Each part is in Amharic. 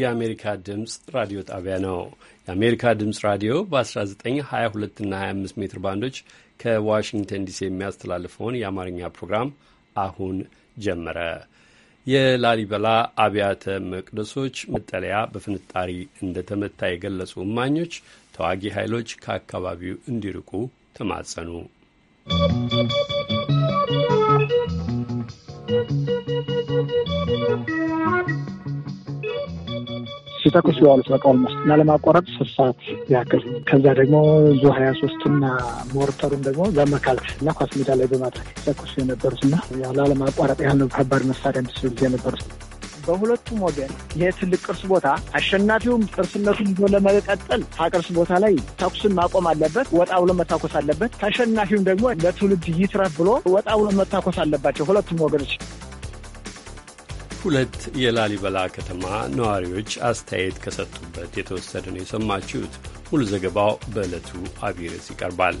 የአሜሪካ ድምፅ ራዲዮ ጣቢያ ነው። የአሜሪካ ድምፅ ራዲዮ በ1922 እና 25 ሜትር ባንዶች ከዋሽንግተን ዲሲ የሚያስተላልፈውን የአማርኛ ፕሮግራም አሁን ጀመረ። የላሊበላ አብያተ መቅደሶች መጠለያ በፍንጣሪ እንደተመታ የገለጹ እማኞች ተዋጊ ኃይሎች ከአካባቢው እንዲርቁ ተማጸኑ። ሲተኩስ የዋሉት በቃ ኦልሞስት እና ለማቋረጥ ሶስት ሰዓት ያክል ከዛ ደግሞ ዙ ሀያ ሶስት እና ሞርተሩን ደግሞ በመካልት እና ኳስ ሜዳ ላይ በማድረግ ሲተኩስ የነበሩት እና ላለማቋረጥ ያህል ነው ከባድ መሳሪያ እንዲስ ጊዜ የነበሩት። በሁለቱም ወገን ይሄ ትልቅ ቅርስ ቦታ አሸናፊውም ቅርስነቱን ይዞ ለመቀጠል ከቅርስ ቦታ ላይ ተኩስን ማቆም አለበት፣ ወጣ ብሎ መታኮስ አለበት። ተሸናፊውም ደግሞ ለትውልድ ይትረፍ ብሎ ወጣ ብሎ መታኮስ አለባቸው ሁለቱም ወገኖች። ሁለት የላሊበላ ከተማ ነዋሪዎች አስተያየት ከሰጡበት የተወሰደ ነው የሰማችሁት። ሙሉ ዘገባው በዕለቱ አብይ ይቀርባል።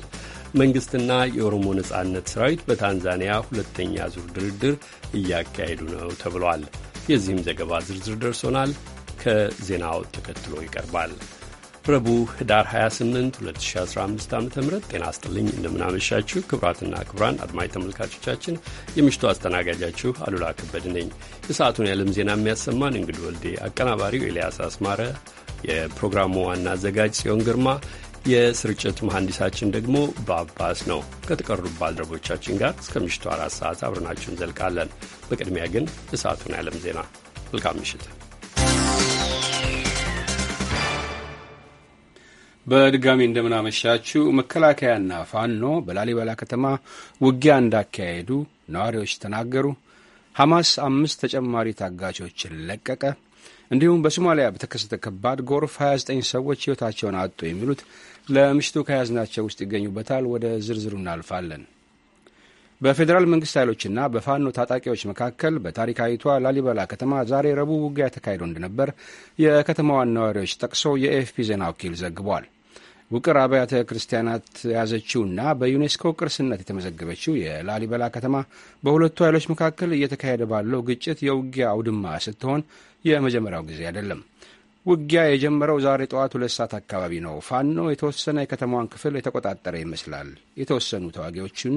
መንግሥትና የኦሮሞ ነጻነት ሰራዊት በታንዛኒያ ሁለተኛ ዙር ድርድር እያካሄዱ ነው ተብሏል። የዚህም ዘገባ ዝርዝር ደርሶናል። ከዜናው ተከትሎ ይቀርባል። ረቡዕ ህዳር 28 2015 ዓ ም ጤና አስጥልኝ እንደምናመሻችሁ ክቡራትና ክቡራን አድማጭ ተመልካቾቻችን የምሽቱ አስተናጋጃችሁ አሉላ ከበድ ነኝ። የሰዓቱን የዓለም ዜና የሚያሰማን እንግዲህ ወልዴ፣ አቀናባሪው ኤልያስ አስማረ፣ የፕሮግራሙ ዋና አዘጋጅ ጽዮን ግርማ፣ የስርጭት መሐንዲሳችን ደግሞ በአባስ ነው። ከተቀሩ ባልደረቦቻችን ጋር እስከ ምሽቱ አራት ሰዓት አብረናችሁ እንዘልቃለን። በቅድሚያ ግን የሰዓቱን የዓለም ዜና። መልካም ምሽት። በድጋሚ እንደምናመሻችሁ። መከላከያና ፋኖ በላሊበላ ከተማ ውጊያ እንዳካሄዱ ነዋሪዎች ተናገሩ። ሐማስ አምስት ተጨማሪ ታጋቾችን ለቀቀ። እንዲሁም በሶማሊያ በተከሰተ ከባድ ጎርፍ 29 ሰዎች ሕይወታቸውን አጡ። የሚሉት ለምሽቱ ከያዝናቸው ውስጥ ይገኙበታል። ወደ ዝርዝሩ እናልፋለን። በፌዴራል መንግስት ኃይሎችና በፋኖ ታጣቂዎች መካከል በታሪካዊቷ ላሊበላ ከተማ ዛሬ ረቡዕ ውጊያ ተካሂዶ እንደነበር የከተማዋን ነዋሪዎች ጠቅሶ የኤፍፒ ዜና ወኪል ዘግቧል። ውቅር አብያተ ክርስቲያናት የያዘችውና በዩኔስኮ ቅርስነት የተመዘገበችው የላሊበላ ከተማ በሁለቱ ኃይሎች መካከል እየተካሄደ ባለው ግጭት የውጊያ አውድማ ስትሆን የመጀመሪያው ጊዜ አይደለም። ውጊያ የጀመረው ዛሬ ጠዋት ሁለት ሰዓት አካባቢ ነው። ፋኖ የተወሰነ የከተማዋን ክፍል የተቆጣጠረ ይመስላል። የተወሰኑ ተዋጊዎችን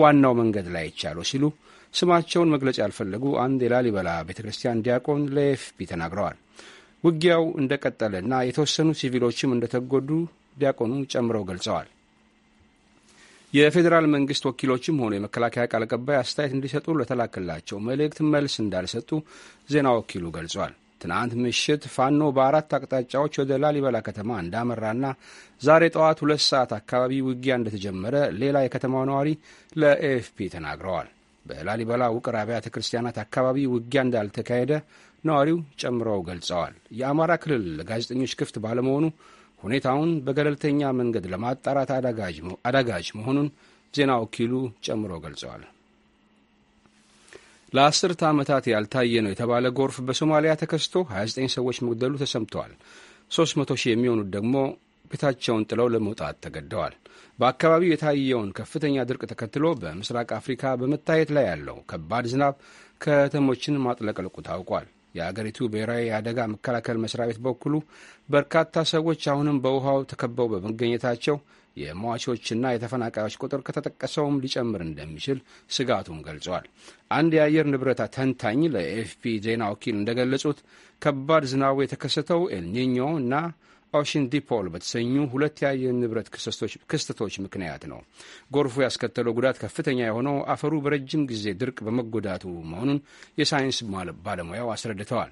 ዋናው መንገድ ላይ ይቻለው ሲሉ ስማቸውን መግለጽ ያልፈለጉ አንድ የላሊበላ ቤተ ክርስቲያን ዲያቆን ለኤፍፒ ተናግረዋል። ውጊያው እንደቀጠለና የተወሰኑ ሲቪሎችም እንደተጎዱ ዲያቆኑ ጨምረው ገልጸዋል። የፌዴራል መንግስት ወኪሎችም ሆኑ የመከላከያ ቃል አቀባይ አስተያየት እንዲሰጡ ለተላከላቸው መልእክት መልስ እንዳልሰጡ ዜና ወኪሉ ገልጿል። ትናንት ምሽት ፋኖ በአራት አቅጣጫዎች ወደ ላሊበላ ከተማ እንዳመራና ዛሬ ጠዋት ሁለት ሰዓት አካባቢ ውጊያ እንደተጀመረ ሌላ የከተማው ነዋሪ ለኤኤፍፒ ተናግረዋል። በላሊበላ ውቅር አብያተ ክርስቲያናት አካባቢ ውጊያ እንዳልተካሄደ ነዋሪው ጨምረው ገልጸዋል። የአማራ ክልል ለጋዜጠኞች ክፍት ባለመሆኑ ሁኔታውን በገለልተኛ መንገድ ለማጣራት አዳጋጅ መሆኑን ዜና ወኪሉ ጨምሮ ገልጸዋል። ለአስርተ ዓመታት ያልታየ ነው የተባለ ጎርፍ በሶማሊያ ተከስቶ 29 ሰዎች መግደሉ ተሰምተዋል። 300 ሺህ የሚሆኑት ደግሞ ቤታቸውን ጥለው ለመውጣት ተገደዋል። በአካባቢው የታየውን ከፍተኛ ድርቅ ተከትሎ በምስራቅ አፍሪካ በመታየት ላይ ያለው ከባድ ዝናብ ከተሞችን ማጥለቅለቁ ታውቋል። የአገሪቱ ብሔራዊ የአደጋ መከላከል መስሪያ ቤት በኩሉ በርካታ ሰዎች አሁንም በውሃው ተከበው በመገኘታቸው የሟቾችና የተፈናቃዮች ቁጥር ከተጠቀሰውም ሊጨምር እንደሚችል ስጋቱን ገልጿል። አንድ የአየር ንብረት ተንታኝ ለኤፍፒ ዜና ወኪል እንደገለጹት ከባድ ዝናቡ የተከሰተው ኤልኒኞ እና ኦሽን ዲፖል በተሰኙ ሁለት የአየር ንብረት ክስተቶች ምክንያት ነው። ጎርፉ ያስከተለው ጉዳት ከፍተኛ የሆነው አፈሩ በረጅም ጊዜ ድርቅ በመጎዳቱ መሆኑን የሳይንስ ባለሙያው አስረድተዋል።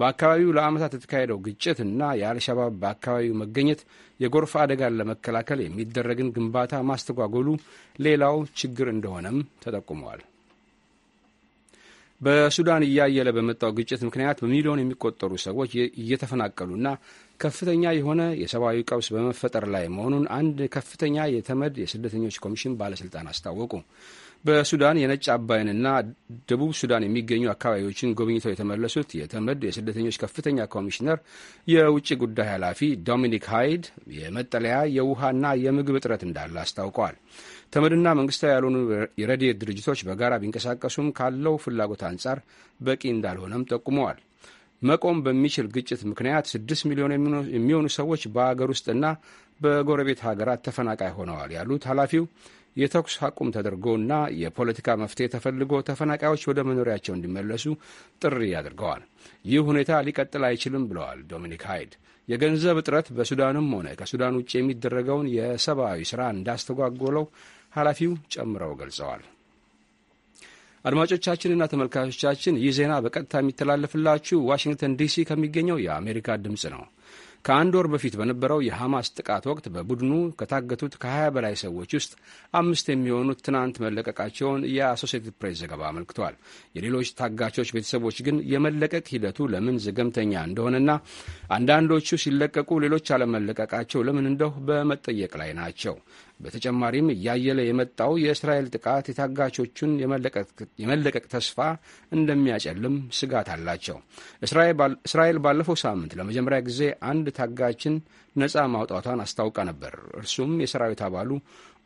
በአካባቢው ለዓመታት የተካሄደው ግጭት እና የአልሸባብ በአካባቢው መገኘት የጎርፍ አደጋን ለመከላከል የሚደረግን ግንባታ ማስተጓጎሉ ሌላው ችግር እንደሆነም ተጠቁመዋል። በሱዳን እያየለ በመጣው ግጭት ምክንያት በሚሊዮን የሚቆጠሩ ሰዎች እየተፈናቀሉና ከፍተኛ የሆነ የሰብአዊ ቀውስ በመፈጠር ላይ መሆኑን አንድ ከፍተኛ የተመድ የስደተኞች ኮሚሽን ባለስልጣን አስታወቁ። በሱዳን የነጭ አባይንና ደቡብ ሱዳን የሚገኙ አካባቢዎችን ጎብኝተው የተመለሱት የተመድ የስደተኞች ከፍተኛ ኮሚሽነር የውጭ ጉዳይ ኃላፊ ዶሚኒክ ሃይድ የመጠለያ የውሃና የምግብ እጥረት እንዳለ አስታውቀዋል። ተመድና መንግስታዊ ያልሆኑ የረድኤት ድርጅቶች በጋራ ቢንቀሳቀሱም ካለው ፍላጎት አንጻር በቂ እንዳልሆነም ጠቁመዋል። መቆም በሚችል ግጭት ምክንያት 6 ሚሊዮን የሚሆኑ ሰዎች በአገር ውስጥና በጎረቤት ሀገራት ተፈናቃይ ሆነዋል ያሉት ኃላፊው የተኩስ አቁም ተደርጎና የፖለቲካ መፍትሄ ተፈልጎ ተፈናቃዮች ወደ መኖሪያቸው እንዲመለሱ ጥሪ አድርገዋል። ይህ ሁኔታ ሊቀጥል አይችልም ብለዋል ዶሚኒክ ሃይድ። የገንዘብ እጥረት በሱዳንም ሆነ ከሱዳን ውጭ የሚደረገውን የሰብአዊ ስራ እንዳስተጓጎለው ኃላፊው ጨምረው ገልጸዋል። አድማጮቻችንና ተመልካቾቻችን ይህ ዜና በቀጥታ የሚተላለፍላችሁ ዋሽንግተን ዲሲ ከሚገኘው የአሜሪካ ድምፅ ነው። ከአንድ ወር በፊት በነበረው የሐማስ ጥቃት ወቅት በቡድኑ ከታገቱት ከ20 በላይ ሰዎች ውስጥ አምስት የሚሆኑት ትናንት መለቀቃቸውን የአሶሴትድ ፕሬስ ዘገባ አመልክቷል። የሌሎች ታጋቾች ቤተሰቦች ግን የመለቀቅ ሂደቱ ለምን ዘገምተኛ እንደሆነና አንዳንዶቹ ሲለቀቁ ሌሎች አለመለቀቃቸው ለምን እንደሁ በመጠየቅ ላይ ናቸው። በተጨማሪም እያየለ የመጣው የእስራኤል ጥቃት የታጋቾቹን የመለቀቅ ተስፋ እንደሚያጨልም ስጋት አላቸው። እስራኤል ባለፈው ሳምንት ለመጀመሪያ ጊዜ አንድ ታጋችን ነፃ ማውጣቷን አስታውቃ ነበር። እርሱም የሰራዊት አባሉ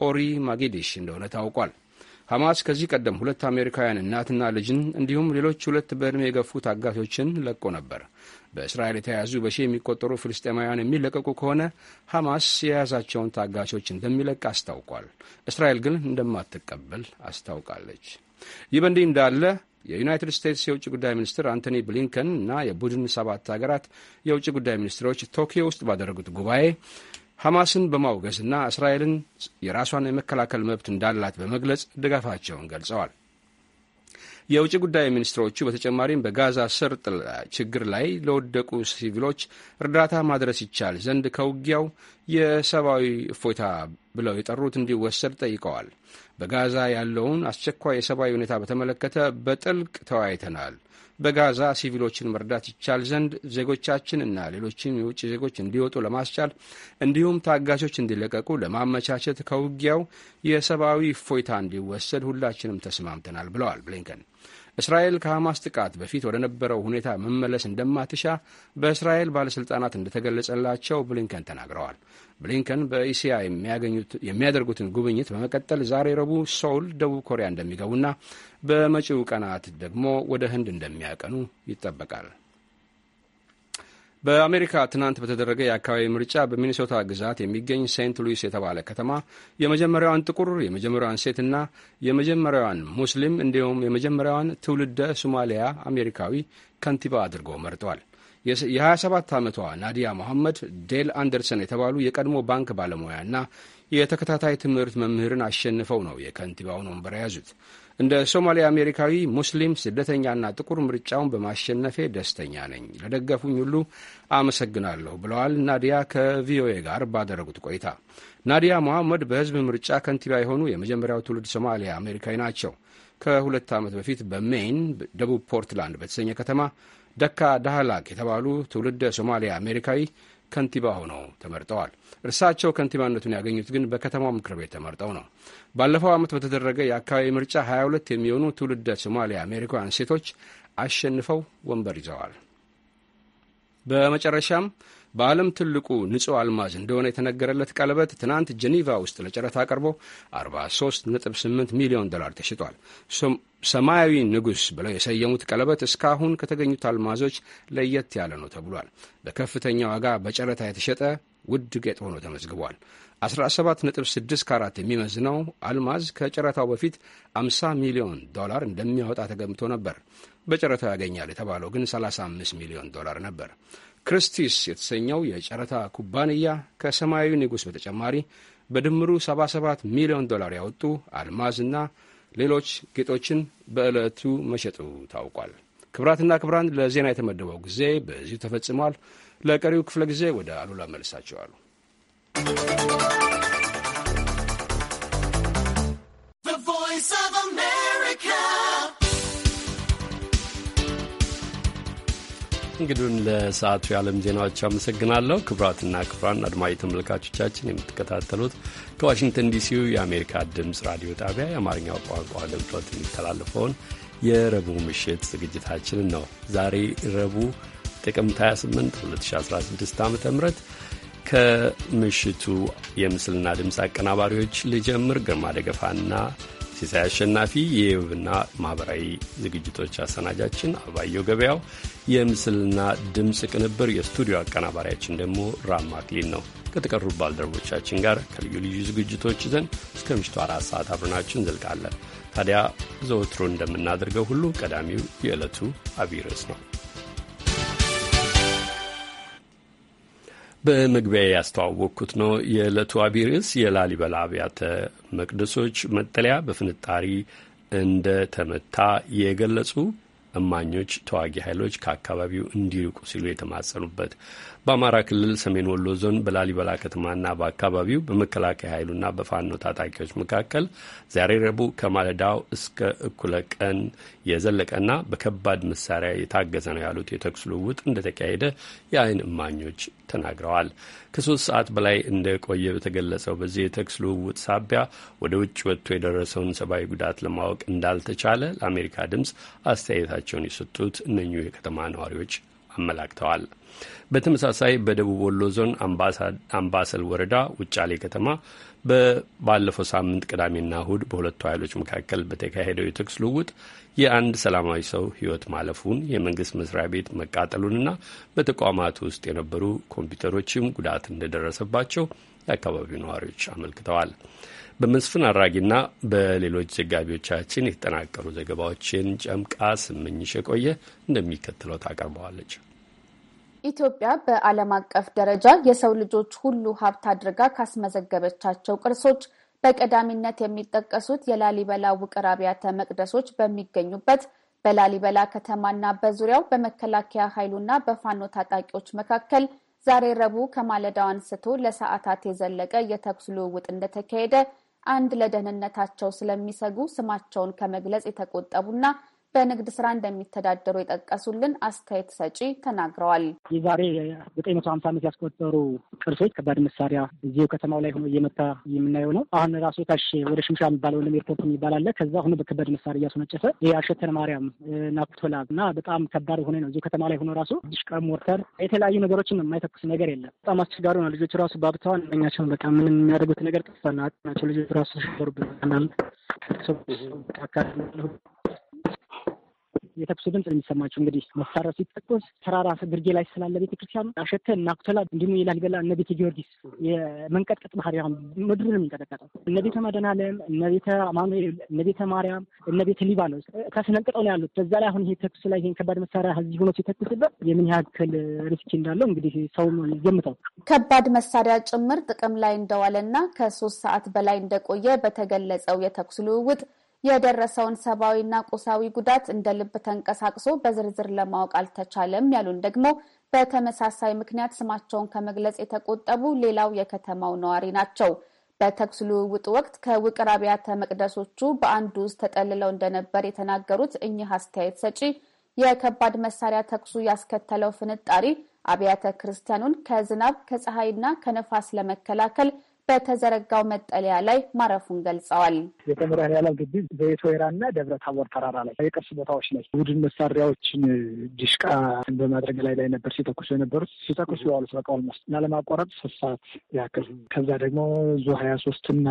ኦሪ ማጌዴሽ እንደሆነ ታውቋል። ሐማስ ከዚህ ቀደም ሁለት አሜሪካውያን እናትና ልጅን እንዲሁም ሌሎች ሁለት በዕድሜ የገፉ ታጋቾችን ለቆ ነበር። በእስራኤል የተያዙ በሺ የሚቆጠሩ ፍልስጤማውያን የሚለቀቁ ከሆነ ሐማስ የያዛቸውን ታጋቾች እንደሚለቅ አስታውቋል። እስራኤል ግን እንደማትቀበል አስታውቃለች። ይህ በእንዲህ እንዳለ የዩናይትድ ስቴትስ የውጭ ጉዳይ ሚኒስትር አንቶኒ ብሊንከን እና የቡድን ሰባት ሀገራት የውጭ ጉዳይ ሚኒስትሮች ቶኪዮ ውስጥ ባደረጉት ጉባኤ ሐማስን በማውገዝና እስራኤልን የራሷን የመከላከል መብት እንዳላት በመግለጽ ድጋፋቸውን ገልጸዋል። የውጭ ጉዳይ ሚኒስትሮቹ በተጨማሪም በጋዛ ሰርጥ ችግር ላይ ለወደቁ ሲቪሎች እርዳታ ማድረስ ይቻል ዘንድ ከውጊያው የሰብአዊ እፎይታ ብለው የጠሩት እንዲወሰድ ጠይቀዋል። በጋዛ ያለውን አስቸኳይ የሰብአዊ ሁኔታ በተመለከተ በጥልቅ ተወያይተናል። በጋዛ ሲቪሎችን መርዳት ይቻል ዘንድ ዜጎቻችን እና ሌሎችም የውጭ ዜጎች እንዲወጡ ለማስቻል እንዲሁም ታጋቾች እንዲለቀቁ ለማመቻቸት ከውጊያው የሰብአዊ እፎይታ እንዲወሰድ ሁላችንም ተስማምተናል ብለዋል ብሊንከን። እስራኤል ከሐማስ ጥቃት በፊት ወደ ነበረው ሁኔታ መመለስ እንደማትሻ በእስራኤል ባለሥልጣናት እንደተገለጸላቸው ብሊንከን ተናግረዋል። ብሊንከን በኢሲያ የሚያደርጉትን ጉብኝት በመቀጠል ዛሬ ረቡዕ ሶውል፣ ደቡብ ኮሪያ እንደሚገቡና በመጪው ቀናት ደግሞ ወደ ህንድ እንደሚያቀኑ ይጠበቃል። በአሜሪካ ትናንት በተደረገ የአካባቢ ምርጫ በሚኒሶታ ግዛት የሚገኝ ሴንት ሉዊስ የተባለ ከተማ የመጀመሪያዋን ጥቁር፣ የመጀመሪያዋን ሴትና የመጀመሪያዋን ሙስሊም እንዲሁም የመጀመሪያዋን ትውልደ ሶማሊያ አሜሪካዊ ከንቲባ አድርጎ መርጠዋል። የ27 ዓመቷ ናዲያ መሐመድ ዴል አንደርሰን የተባሉ የቀድሞ ባንክ ባለሙያና የተከታታይ ትምህርት መምህርን አሸንፈው ነው የከንቲባውን ወንበር የያዙት። እንደ ሶማሌ አሜሪካዊ ሙስሊም ስደተኛና ጥቁር ምርጫውን በማሸነፌ ደስተኛ ነኝ። ለደገፉኝ ሁሉ አመሰግናለሁ ብለዋል ናዲያ ከቪኦኤ ጋር ባደረጉት ቆይታ። ናዲያ መሐመድ በህዝብ ምርጫ ከንቲባ የሆኑ የመጀመሪያው ትውልድ ሶማሊያ አሜሪካዊ ናቸው። ከሁለት ዓመት በፊት በሜይን ደቡብ ፖርትላንድ በተሰኘ ከተማ ደካ ዳህላክ የተባሉ ትውልድ ሶማሊያ አሜሪካዊ ከንቲባ ሆነው ተመርጠዋል። እርሳቸው ከንቲባነቱን ያገኙት ግን በከተማው ምክር ቤት ተመርጠው ነው። ባለፈው ዓመት በተደረገ የአካባቢ ምርጫ 22 የሚሆኑ ትውልደ ሶማሊያ አሜሪካውያን ሴቶች አሸንፈው ወንበር ይዘዋል። በመጨረሻም በዓለም ትልቁ ንጹሕ አልማዝ እንደሆነ የተነገረለት ቀለበት ትናንት ጄኔቫ ውስጥ ለጨረታ ቀርቦ 43.8 ሚሊዮን ዶላር ተሽጧል። ሰማያዊ ንጉሥ ብለው የሰየሙት ቀለበት እስካሁን ከተገኙት አልማዞች ለየት ያለ ነው ተብሏል። በከፍተኛ ዋጋ በጨረታ የተሸጠ ውድ ጌጥ ሆኖ ተመዝግቧል። 17.64 የሚመዝነው አልማዝ ከጨረታው በፊት 50 ሚሊዮን ዶላር እንደሚያወጣ ተገምቶ ነበር። በጨረታው ያገኛል የተባለው ግን 35 ሚሊዮን ዶላር ነበር። ክርስቲስ የተሰኘው የጨረታ ኩባንያ ከሰማያዊ ንጉሥ በተጨማሪ በድምሩ 77 ሚሊዮን ዶላር ያወጡ አልማዝና ሌሎች ጌጦችን በዕለቱ መሸጡ ታውቋል። ክብራትና ክብራን ለዜና የተመደበው ጊዜ በዚሁ ተፈጽሟል። ለቀሪው ክፍለ ጊዜ ወደ አሉላ መልሳቸዋሉ። እንግዲሁን ለሰዓቱ የዓለም ዜናዎች አመሰግናለሁ። ክቡራትና ክቡራን አድማጭ ተመልካቾቻችን የምትከታተሉት ከዋሽንግተን ዲሲው የአሜሪካ ድምፅ ራዲዮ ጣቢያ የአማርኛው ቋንቋ አገልግሎት የሚተላለፈውን የረቡዕ ምሽት ዝግጅታችንን ነው። ዛሬ ረቡዕ ጥቅምት 28 2016 ዓ ም ከምሽቱ የምስልና ድምፅ አቀናባሪዎች ልጀምር። ግርማ ደገፋና ሲሳይ አሸናፊ፣ የህብና ማኅበራዊ ዝግጅቶች አሰናጃችን አበባየሁ ገበያው፣ የምስልና ድምፅ ቅንብር የስቱዲዮ አቀናባሪያችን ደግሞ ራማ ነው። ከተቀሩ ባልደረቦቻችን ጋር ከልዩ ልዩ ዝግጅቶች ይዘን እስከ ምሽቱ አራት ሰዓት አብረናችሁ እንዘልቃለን። ታዲያ ዘወትሮ እንደምናደርገው ሁሉ ቀዳሚው የዕለቱ አብይ ርዕስ ነው። በመግቢያ ያስተዋወቅኩት ነው። የዕለቱ አቢይ ርዕስ የላሊበላ አብያተ መቅደሶች መጠለያ በፍንጣሪ እንደ ተመታ የገለጹ እማኞች ተዋጊ ኃይሎች ከአካባቢው እንዲርቁ ሲሉ የተማጸኑበት በአማራ ክልል ሰሜን ወሎ ዞን በላሊበላ ከተማና በአካባቢው በመከላከያ ኃይሉና በፋኖ ታጣቂዎች መካከል ዛሬ ረቡዕ ከማለዳው እስከ እኩለ ቀን የዘለቀና በከባድ መሳሪያ የታገዘ ነው ያሉት የተኩስ ልውውጥ እንደተካሄደ የአይን እማኞች ተናግረዋል። ከሶስት ሰዓት በላይ እንደቆየ በተገለጸው በዚህ የተኩስ ልውውጥ ሳቢያ ወደ ውጭ ወጥቶ የደረሰውን ሰብአዊ ጉዳት ለማወቅ እንዳልተቻለ ለአሜሪካ ድምፅ አስተያየታቸውን የሰጡት እነኙ የከተማ ነዋሪዎች አመላክተዋል። በተመሳሳይ በደቡብ ወሎ ዞን አምባሰል ወረዳ ውጫሌ ከተማ ባለፈው ሳምንት ቅዳሜና እሁድ በሁለቱ ኃይሎች መካከል በተካሄደው የተኩስ ልውውጥ የአንድ ሰላማዊ ሰው ሕይወት ማለፉን የመንግስት መስሪያ ቤት መቃጠሉንና በተቋማት ውስጥ የነበሩ ኮምፒውተሮችም ጉዳት እንደደረሰባቸው የአካባቢው ነዋሪዎች አመልክተዋል። በመስፍን አራጊና በሌሎች ዘጋቢዎቻችን የተጠናቀሩ ዘገባዎችን ጨምቃ ስምኝሽ የቆየ እንደሚከተለው ታቀርበዋለች። ኢትዮጵያ በዓለም አቀፍ ደረጃ የሰው ልጆች ሁሉ ሀብት አድርጋ ካስመዘገበቻቸው ቅርሶች በቀዳሚነት የሚጠቀሱት የላሊበላ ውቅር አብያተ መቅደሶች በሚገኙበት በላሊበላ ከተማና በዙሪያው በመከላከያ ኃይሉና በፋኖ ታጣቂዎች መካከል ዛሬ ረቡዕ ከማለዳው አንስቶ ለሰዓታት የዘለቀ የተኩስ ልውውጥ እንደተካሄደ አንድ ለደህንነታቸው ስለሚሰጉ ስማቸውን ከመግለጽ የተቆጠቡና በንግድ ስራ እንደሚተዳደሩ የጠቀሱልን አስተያየት ሰጪ ተናግረዋል። የዛሬ ዘጠኝ መቶ ሀምሳ ዓመት ያስቆጠሩ ቅርሶች ከባድ መሳሪያ እዚሁ ከተማው ላይ ሆኖ እየመታ የምናየው ነው። አሁን ራሱ ታሽ ወደ ሽምሻ የሚባለው ወይም ኤርፖርት የሚባል አለ። ከዛ ሆኖ በከባድ መሳሪያ እያስወነጨፈ የአሸተን ማርያም ናኩቶላ እና በጣም ከባድ ሆነ ነው። እዚሁ ከተማ ላይ ሆኖ ራሱ ዲሽቃ፣ ሞርተር፣ የተለያዩ ነገሮችን የማይተኩስ ነገር የለም። በጣም አስቸጋሪ ነው። ልጆች ራሱ ባብተዋን እኛቸውን በቃ ምንም የሚያደርጉት ነገር ጠፋና ናቸው። ልጆች ራሱ ተሸሩብን ናል የተኩስ ድምፅ የሚሰማቸው እንግዲህ መሳሪያ ሲተኮስ ተራራ ግርጌ ላይ ስላለ ቤተክርስቲያኑ አሸተ እና እንዲሁም የላሊበላ እነ ቤተ ጊዮርጊስ የመንቀጥቀጥ ባህሪ አሁን ምድርን የሚንቀጠቀጠው እነ ቤተ መድኃኔዓለም እነ ቤተ አማኑኤል እነ ቤተ ማርያም እነ ቤተ ሊባኖስ ተስነንቅጠው ነው ያሉት። በዛ ላይ አሁን ይሄ ተኩስ ላይ ይሄን ከባድ መሳሪያ እዚህ ሆኖ ሲተኩስበት የምን ያክል ሪስኪ እንዳለው እንግዲህ ሰው ይገምታል። ከባድ መሳሪያ ጭምር ጥቅም ላይ እንደዋለና ከሶስት ሰዓት በላይ እንደቆየ በተገለጸው የተኩስ ልውውጥ የደረሰውን ሰብአዊና ቁሳዊ ጉዳት እንደ ልብ ተንቀሳቅሶ በዝርዝር ለማወቅ አልተቻለም ያሉን ደግሞ በተመሳሳይ ምክንያት ስማቸውን ከመግለጽ የተቆጠቡ ሌላው የከተማው ነዋሪ ናቸው። በተኩስ ልውውጥ ወቅት ከውቅር አብያተ መቅደሶቹ በአንዱ ውስጥ ተጠልለው እንደነበር የተናገሩት እኚህ አስተያየት ሰጪ የከባድ መሳሪያ ተኩሱ ያስከተለው ፍንጣሪ አብያተ ክርስቲያኑን ከዝናብ ከፀሐይና ከነፋስ ለመከላከል በተዘረጋው መጠለያ ላይ ማረፉን ገልጸዋል። የመድኃኔዓለም ግቢ በኢቶይራና ደብረ ታቦር ተራራ ላይ የቅርስ ቦታዎች ላይ ቡድን መሳሪያዎችን ዲሽቃ በማድረግ ላይ ላይ ነበር ሲተኩሱ የነበሩት ሲተኩሱ የዋሉት በቃ መስ እና ለማቋረጥ ሶስት ሰዓት ያክል ከዛ ደግሞ ዙ ሀያ ሶስት እና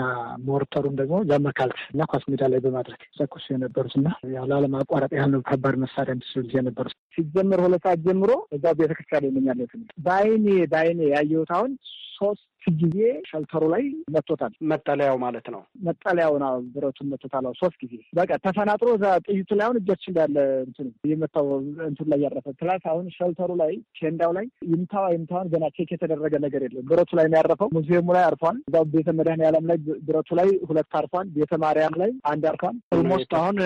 ሞርተሩን ደግሞ ያመካልት እና ኳስ ሜዳ ላይ በማድረግ ሲተኩሱ የነበሩት እና ያው ላለማቋረጥ ያህል ነው ከባድ መሳሪያ ምስሉት የነበሩት ሲጀምር ሁለት ሰዓት ጀምሮ እዛ ቤተክርስቲያን ይመኛለት በአይኔ በአይኔ ያየሁት አሁን ሶስት ጊዜ ሸልተሩ ላይ መቶታል። መጠለያው ማለት ነው። መጠለያውን ብረቱን መቶታል ሶስት ጊዜ በቃ ተፈናጥሮ እዛ ጥይቱ ላይ አሁን እጃችን እንዳለ እንትን የመታው እንትን ላይ ያረፈ ፕላስ አሁን ሸልተሩ ላይ ኬንዳው ላይ ይምታዋ ይምታዋን ገና ቼክ የተደረገ ነገር የለም። ብረቱ ላይ ያረፈው ሙዚየሙ ላይ አርፏል። እዛ ቤተ መድኃኔ ላይ ብረቱ ላይ ሁለት አርፏል። ቤተ ማርያም ላይ አንድ አርፏል። ኦልሞስት አሁን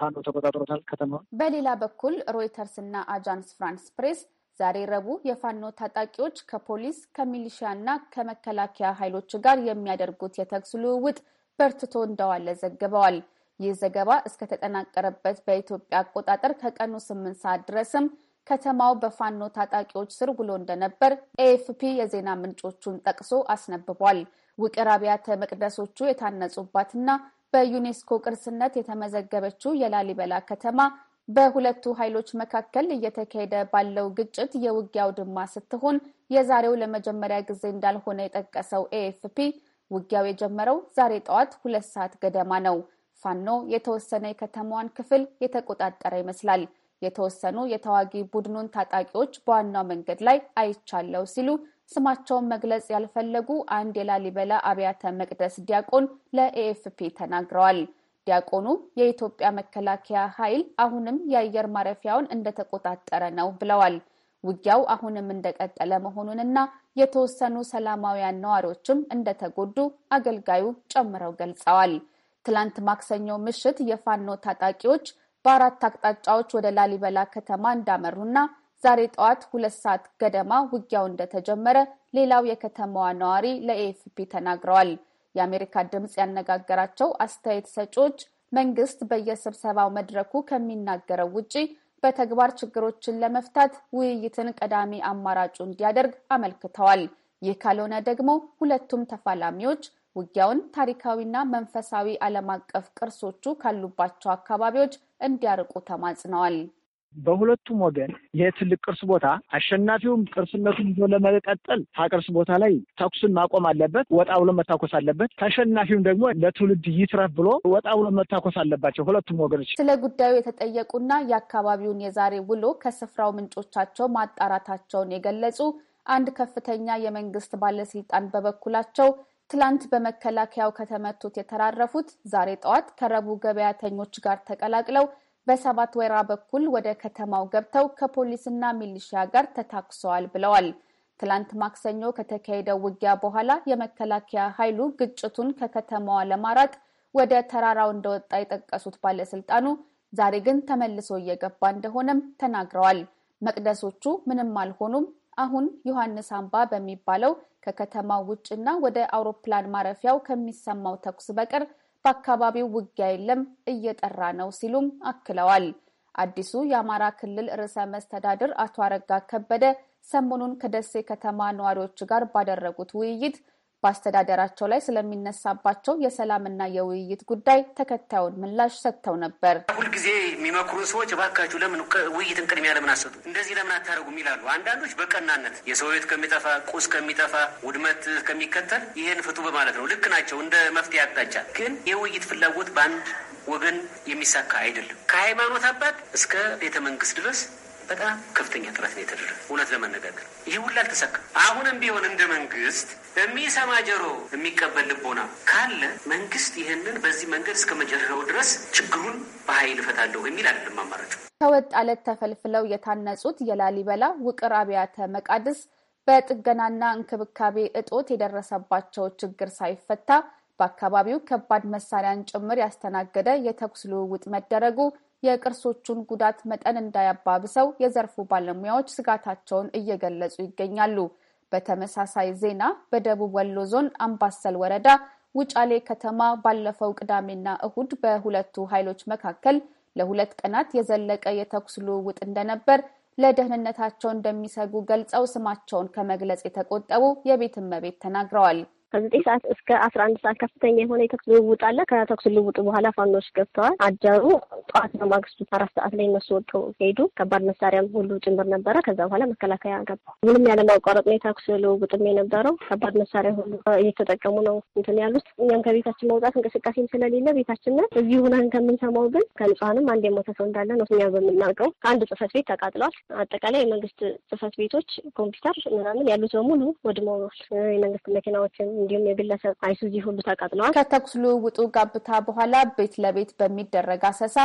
ፋኖ ተቆጣጥሮታል ከተማ። በሌላ በኩል ሮይተርስ እና አጃንስ ፍራንስ ፕሬስ ዛሬ ረቡዕ የፋኖ ታጣቂዎች ከፖሊስ ከሚሊሺያና ከመከላከያ ኃይሎች ጋር የሚያደርጉት የተኩስ ልውውጥ በርትቶ እንደዋለ ዘግበዋል። ይህ ዘገባ እስከተጠናቀረበት በኢትዮጵያ አቆጣጠር ከቀኑ ስምንት ሰዓት ድረስም ከተማው በፋኖ ታጣቂዎች ስር ውሎ እንደነበር ኤኤፍፒ የዜና ምንጮቹን ጠቅሶ አስነብቧል። ውቅር አብያተ መቅደሶቹ የታነጹባትና በዩኔስኮ ቅርስነት የተመዘገበችው የላሊበላ ከተማ በሁለቱ ኃይሎች መካከል እየተካሄደ ባለው ግጭት የውጊያ ድማ ስትሆን የዛሬው ለመጀመሪያ ጊዜ እንዳልሆነ የጠቀሰው ኤኤፍፒ ውጊያው የጀመረው ዛሬ ጠዋት ሁለት ሰዓት ገደማ ነው። ፋኖ የተወሰነ የከተማዋን ክፍል የተቆጣጠረ ይመስላል። የተወሰኑ የተዋጊ ቡድኑን ታጣቂዎች በዋናው መንገድ ላይ አይቻለው ሲሉ ስማቸውን መግለጽ ያልፈለጉ አንድ የላሊበላ አብያተ መቅደስ ዲያቆን ለኤኤፍፒ ተናግረዋል። ያቆኑ የኢትዮጵያ መከላከያ ኃይል አሁንም የአየር ማረፊያውን እንደተቆጣጠረ ነው ብለዋል። ውጊያው አሁንም እንደቀጠለ መሆኑንና የተወሰኑ ሰላማውያን ነዋሪዎችም እንደተጎዱ አገልጋዩ ጨምረው ገልጸዋል። ትላንት ማክሰኞ ምሽት የፋኖ ታጣቂዎች በአራት አቅጣጫዎች ወደ ላሊበላ ከተማ እንዳመሩና ዛሬ ጠዋት ሁለት ሰዓት ገደማ ውጊያው እንደተጀመረ ሌላው የከተማዋ ነዋሪ ለኤኤፍፒ ተናግረዋል። የአሜሪካ ድምፅ ያነጋገራቸው አስተያየት ሰጪዎች መንግስት በየስብሰባው መድረኩ ከሚናገረው ውጪ በተግባር ችግሮችን ለመፍታት ውይይትን ቀዳሚ አማራጩ እንዲያደርግ አመልክተዋል። ይህ ካልሆነ ደግሞ ሁለቱም ተፋላሚዎች ውጊያውን ታሪካዊና መንፈሳዊ ዓለም አቀፍ ቅርሶቹ ካሉባቸው አካባቢዎች እንዲያርቁ ተማጽነዋል። በሁለቱም ወገን ይሄ ትልቅ ቅርስ ቦታ አሸናፊውም ቅርስነቱን ይዞ ለመቀጠል ታቅርስ ቦታ ላይ ተኩስን ማቆም አለበት፣ ወጣ ብሎ መታኮስ አለበት። ተሸናፊውም ደግሞ ለትውልድ ይትረፍ ብሎ ወጣ ብሎ መታኮስ አለባቸው ሁለቱም ወገኖች። ስለ ጉዳዩ የተጠየቁና የአካባቢውን የዛሬ ውሎ ከስፍራው ምንጮቻቸው ማጣራታቸውን የገለጹ አንድ ከፍተኛ የመንግስት ባለስልጣን በበኩላቸው ትላንት በመከላከያው ከተመቱት የተራረፉት ዛሬ ጠዋት ከረቡዕ ገበያተኞች ጋር ተቀላቅለው በሰባት ወይራ በኩል ወደ ከተማው ገብተው ከፖሊስና ሚሊሺያ ጋር ተታኩሰዋል ብለዋል። ትላንት ማክሰኞ ከተካሄደው ውጊያ በኋላ የመከላከያ ኃይሉ ግጭቱን ከከተማዋ ለማራቅ ወደ ተራራው እንደወጣ የጠቀሱት ባለስልጣኑ ዛሬ ግን ተመልሶ እየገባ እንደሆነም ተናግረዋል። መቅደሶቹ ምንም አልሆኑም። አሁን ዮሐንስ አምባ በሚባለው ከከተማው ውጭና ወደ አውሮፕላን ማረፊያው ከሚሰማው ተኩስ በቀር በአካባቢው ውጊያ የለም፣ እየጠራ ነው ሲሉም አክለዋል። አዲሱ የአማራ ክልል ርዕሰ መስተዳድር አቶ አረጋ ከበደ ሰሞኑን ከደሴ ከተማ ነዋሪዎች ጋር ባደረጉት ውይይት በአስተዳደራቸው ላይ ስለሚነሳባቸው የሰላምና የውይይት ጉዳይ ተከታዩን ምላሽ ሰጥተው ነበር። ሁልጊዜ የሚመክሩን ሰዎች እባካችሁ ለምን ውይይትን ቅድሚያ ለምን አሰጡ እንደዚህ ለምን አታደርጉም ይላሉ። አንዳንዶች በቀናነት የሰው ቤት ከሚጠፋ ቁስ ከሚጠፋ ውድመት ከሚከተል ይህን ፍቱ በማለት ነው። ልክ ናቸው። እንደ መፍትሄ አቅጣጫ ግን የውይይት ፍላጎት በአንድ ወገን የሚሳካ አይደለም። ከሃይማኖት አባት እስከ ቤተ መንግስት ድረስ በጣም ከፍተኛ ጥረት ነው የተደረገ። እውነት ለመነጋገር ይህ ሁሉ አልተሳካም። አሁንም ቢሆን እንደ መንግስት የሚሰማ ጆሮ የሚቀበል ልቦና ካለ መንግስት ይህንን በዚህ መንገድ እስከ መጨረሻው ድረስ ችግሩን በኃይል እፈታለሁ የሚል አይደለም አማራጭ። ከወጥ አለት ተፈልፍለው የታነጹት የላሊበላ ውቅር አብያተ መቃድስ በጥገናና እንክብካቤ እጦት የደረሰባቸው ችግር ሳይፈታ በአካባቢው ከባድ መሳሪያን ጭምር ያስተናገደ የተኩስ ልውውጥ መደረጉ የቅርሶቹን ጉዳት መጠን እንዳያባብሰው የዘርፉ ባለሙያዎች ስጋታቸውን እየገለጹ ይገኛሉ። በተመሳሳይ ዜና በደቡብ ወሎ ዞን አምባሰል ወረዳ ውጫሌ ከተማ ባለፈው ቅዳሜና እሁድ በሁለቱ ኃይሎች መካከል ለሁለት ቀናት የዘለቀ የተኩስ ልውውጥ እንደነበር ለደህንነታቸው እንደሚሰጉ ገልጸው ስማቸውን ከመግለጽ የተቆጠቡ የቤት እመቤት ተናግረዋል። ከዘጠኝ ሰዓት እስከ አስራ አንድ ሰዓት ከፍተኛ የሆነ የተኩስ ልውውጥ አለ። ከተኩስ ልውውጡ በኋላ ፋኖች ገብተዋል አደሩ። ጠዋት በማግስቱ አራት ሰዓት ላይ እነሱ ወጡ ሄዱ። ከባድ መሳሪያም ሁሉ ጭምር ነበረ። ከዛ በኋላ መከላከያ ገባ። ምንም ያለማቋረጥ ነው የተኩስ ልውውጥም የነበረው። ከባድ መሳሪያ ሁሉ እየተጠቀሙ ነው እንትን ያሉት። እኛም ከቤታችን መውጣት እንቅስቃሴም ስለሌለ ቤታችን እዚህ ከምንሰማው ግን ከንጹሀንም አንድ የሞተ ሰው እንዳለ ነው እኛ በምናውቀው። ከአንድ ጽህፈት ቤት ተቃጥሏል። አጠቃላይ የመንግስት ጽህፈት ቤቶች ኮምፒውተር ምናምን ያሉት በሙሉ ወድመዋል። የመንግስት መኪናዎችን እንዲሁም የግለሰብ አይሱዚ ሁሉ ተቃጥለዋል። ከተኩስ ልውውጡ ጋብታ በኋላ ቤት ለቤት በሚደረግ አሰሳ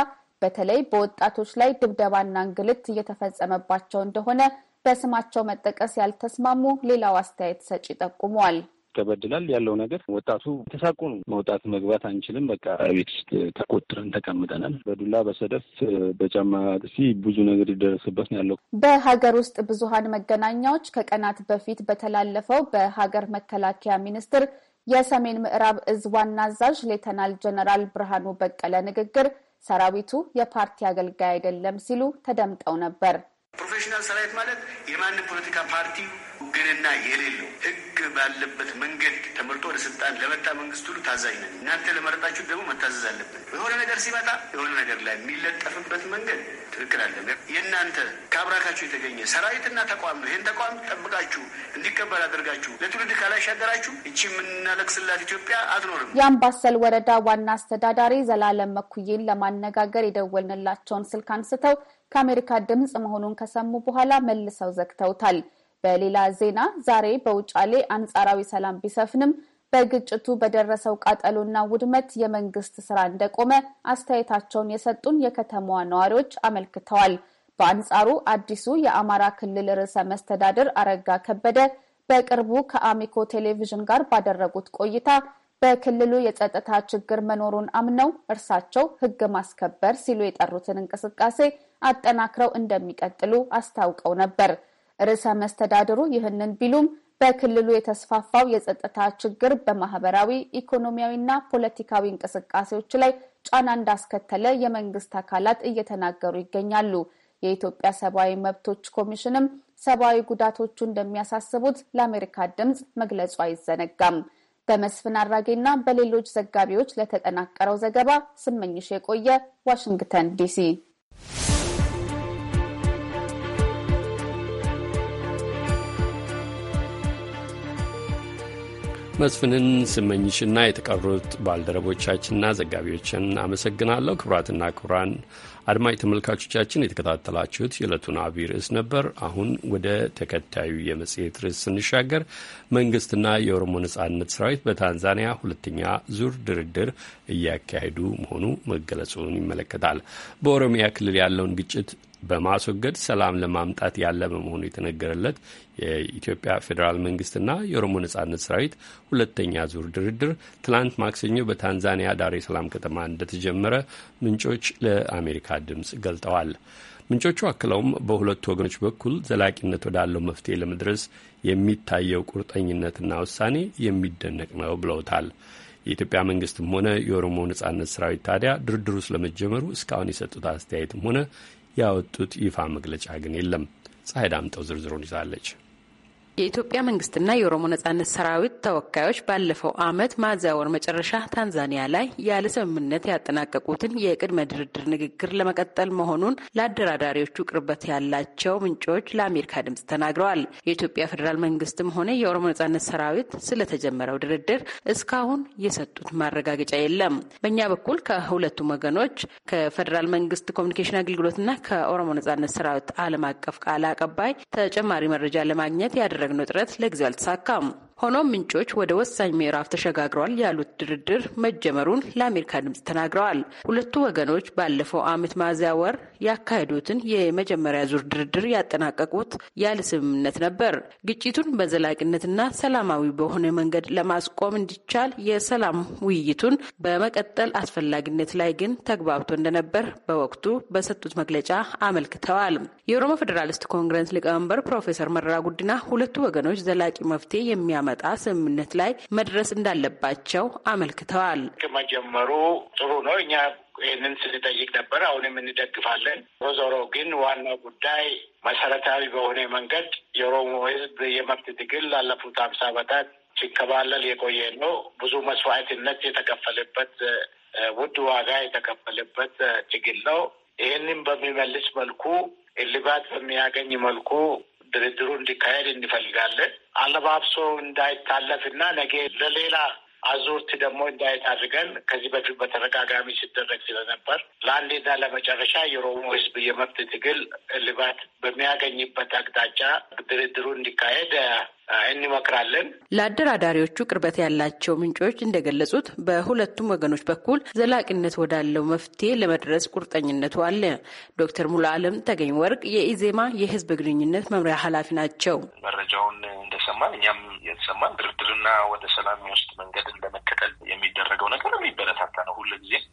በተለይ በወጣቶች ላይ ድብደባና እንግልት እየተፈጸመባቸው እንደሆነ በስማቸው መጠቀስ ያልተስማሙ ሌላው አስተያየት ሰጪ ጠቁመዋል። ተበድላል ያለው ነገር ወጣቱ ተሳቁ ነው። መውጣት መግባት አንችልም። በቃ ቤት ውስጥ ተቆጥረን ተቀምጠናል። በዱላ በሰደፍ በጫማ ጥፊ ብዙ ነገር ይደረስበት ነው ያለው። በሀገር ውስጥ ብዙሀን መገናኛዎች ከቀናት በፊት በተላለፈው በሀገር መከላከያ ሚኒስትር የሰሜን ምዕራብ እዝ ዋና አዛዥ ሌተናል ጀነራል ብርሃኑ በቀለ ንግግር ሰራዊቱ የፓርቲ አገልጋይ አይደለም ሲሉ ተደምጠው ነበር። ፕሮፌሽናል ሰራዊት ማለት የማንም ፖለቲካ ፓርቲ ወገንና የሌለው ህግ ባለበት መንገድ ተመርጦ ወደ ስልጣን ለመጣ መንግስት ሁሉ ታዛዥ ነን። እናንተ ለመረጣችሁ ደግሞ መታዘዝ አለብን። የሆነ ነገር ሲመጣ የሆነ ነገር ላይ የሚለጠፍበት መንገድ ትክክል አለ። የእናንተ ከአብራካችሁ የተገኘ ሰራዊትና ተቋም ነው። ይህን ተቋም ጠብቃችሁ እንዲከበር አድርጋችሁ ለትውልድ ካላሻገራችሁ እቺ የምናለቅስላት ኢትዮጵያ አትኖርም። የአምባሰል ወረዳ ዋና አስተዳዳሪ ዘላለም መኩዬን ለማነጋገር የደወልንላቸውን ስልክ አንስተው ከአሜሪካ ድምፅ መሆኑን ከሰሙ በኋላ መልሰው ዘግተውታል። በሌላ ዜና ዛሬ በውጫሌ አንጻራዊ ሰላም ቢሰፍንም በግጭቱ በደረሰው ቃጠሎና ውድመት የመንግስት ስራ እንደቆመ አስተያየታቸውን የሰጡን የከተማዋ ነዋሪዎች አመልክተዋል። በአንጻሩ አዲሱ የአማራ ክልል ርዕሰ መስተዳድር አረጋ ከበደ በቅርቡ ከአሚኮ ቴሌቪዥን ጋር ባደረጉት ቆይታ በክልሉ የጸጥታ ችግር መኖሩን አምነው እርሳቸው ሕግ ማስከበር ሲሉ የጠሩትን እንቅስቃሴ አጠናክረው እንደሚቀጥሉ አስታውቀው ነበር። ርዕሰ መስተዳድሩ ይህንን ቢሉም በክልሉ የተስፋፋው የጸጥታ ችግር በማህበራዊ ኢኮኖሚያዊና ፖለቲካዊ እንቅስቃሴዎች ላይ ጫና እንዳስከተለ የመንግስት አካላት እየተናገሩ ይገኛሉ። የኢትዮጵያ ሰብአዊ መብቶች ኮሚሽንም ሰብአዊ ጉዳቶቹ እንደሚያሳስቡት ለአሜሪካ ድምፅ መግለጹ አይዘነጋም። በመስፍን አራጌና በሌሎች ዘጋቢዎች ለተጠናቀረው ዘገባ ስመኝሽ የቆየ ዋሽንግተን ዲሲ። መስፍንን ስመኝሽና የተቀሩት ባልደረቦቻችንና ዘጋቢዎችን አመሰግናለሁ። ክቡራትና ክቡራን አድማጭ ተመልካቾቻችን የተከታተላችሁት የዕለቱን አብይ ርዕስ ነበር። አሁን ወደ ተከታዩ የመጽሔት ርዕስ ስንሻገር መንግስትና የኦሮሞ ነጻነት ሰራዊት በታንዛኒያ ሁለተኛ ዙር ድርድር እያካሄዱ መሆኑ መገለጹን ይመለከታል። በኦሮሚያ ክልል ያለውን ግጭት በማስወገድ ሰላም ለማምጣት ያለ በመሆኑ የተነገረለት የኢትዮጵያ ፌዴራል መንግስትና የኦሮሞ ነጻነት ሰራዊት ሁለተኛ ዙር ድርድር ትላንት ማክሰኞ በታንዛኒያ ዳሬ ሰላም ከተማ እንደተጀመረ ምንጮች ለአሜሪካ ድምፅ ገልጠዋል። ምንጮቹ አክለውም በሁለቱ ወገኖች በኩል ዘላቂነት ወዳለው መፍትሄ ለመድረስ የሚታየው ቁርጠኝነትና ውሳኔ የሚደነቅ ነው ብለውታል። የኢትዮጵያ መንግስትም ሆነ የኦሮሞ ነጻነት ሰራዊት ታዲያ ድርድሩ ስለመጀመሩ እስካሁን የሰጡት አስተያየትም ሆነ ያወጡት ይፋ መግለጫ ግን የለም። ፀሐይ ዳምጠው ዝርዝሩን ይዛለች። የኢትዮጵያ መንግስትና የኦሮሞ ነጻነት ሰራዊት ተወካዮች ባለፈው ዓመት ሚያዝያ ወር መጨረሻ ታንዛኒያ ላይ ያለ ስምምነት ያጠናቀቁትን የቅድመ ድርድር ንግግር ለመቀጠል መሆኑን ለአደራዳሪዎቹ ቅርበት ያላቸው ምንጮች ለአሜሪካ ድምጽ ተናግረዋል። የኢትዮጵያ ፌዴራል መንግስትም ሆነ የኦሮሞ ነጻነት ሰራዊት ስለተጀመረው ድርድር እስካሁን የሰጡት ማረጋገጫ የለም። በእኛ በኩል ከሁለቱም ወገኖች ከፌዴራል መንግስት ኮሚኒኬሽን አገልግሎትና ከኦሮሞ ነጻነት ሰራዊት ዓለም አቀፍ ቃል አቀባይ ተጨማሪ መረጃ ለማግኘት ያደረ ያደረግነው ጥረት ለጊዜው አልተሳካም። ሆኖም ምንጮች ወደ ወሳኝ ምዕራፍ ተሸጋግረዋል ያሉት ድርድር መጀመሩን ለአሜሪካ ድምጽ ተናግረዋል። ሁለቱ ወገኖች ባለፈው ዓመት ሚያዝያ ወር ያካሄዱትን የመጀመሪያ ዙር ድርድር ያጠናቀቁት ያለ ስምምነት ነበር። ግጭቱን በዘላቂነትና ሰላማዊ በሆነ መንገድ ለማስቆም እንዲቻል የሰላም ውይይቱን በመቀጠል አስፈላጊነት ላይ ግን ተግባብቶ እንደነበር በወቅቱ በሰጡት መግለጫ አመልክተዋል። የኦሮሞ ፌዴራሊስት ኮንግረስ ሊቀመንበር ፕሮፌሰር መረራ ጉዲና ሁለቱ ወገኖች ዘላቂ መፍትሄ የሚያ የሚያመጣ ስምምነት ላይ መድረስ እንዳለባቸው አመልክተዋል። መጀመሩ ጥሩ ነው። እኛ ይህንን ስንጠይቅ ነበር። አሁንም እንደግፋለን። ዞሮ ግን ዋናው ጉዳይ መሰረታዊ በሆነ መንገድ የኦሮሞ ሕዝብ የመብት ትግል ላለፉት አምሳ አመታት ሲንከባለል የቆየ ነው። ብዙ መስዋዕትነት የተከፈለበት ውድ ዋጋ የተከፈለበት ትግል ነው። ይህንን በሚመልስ መልኩ እልባት በሚያገኝ መልኩ ድርድሩ እንዲካሄድ እንፈልጋለን። አለባብሶ እንዳይታለፍ እና ነገ ለሌላ አዙርት ደግሞ እንዳየት አድርገን ከዚህ በፊት በተደጋጋሚ ሲደረግ ስለነበር ለአንዴና ለመጨረሻ የኦሮሞ ሕዝብ የመብት ትግል እልባት በሚያገኝበት አቅጣጫ ድርድሩ እንዲካሄድ እንመክራለን። ለአደራዳሪዎቹ ቅርበት ያላቸው ምንጮች እንደገለጹት በሁለቱም ወገኖች በኩል ዘላቂነት ወዳለው መፍትሄ ለመድረስ ቁርጠኝነቱ አለ። ዶክተር ሙሉ አለም ተገኝ ወርቅ የኢዜማ የህዝብ ግንኙነት መምሪያ ኃላፊ ናቸው። መረጃውን እንደሰማን እኛም የተሰማን ድርድርና ወደ ሰላም የሚወስድ መንገድ እንደመከተል የሚደረገው ነገር የሚበረታታ ነው ሁልጊዜም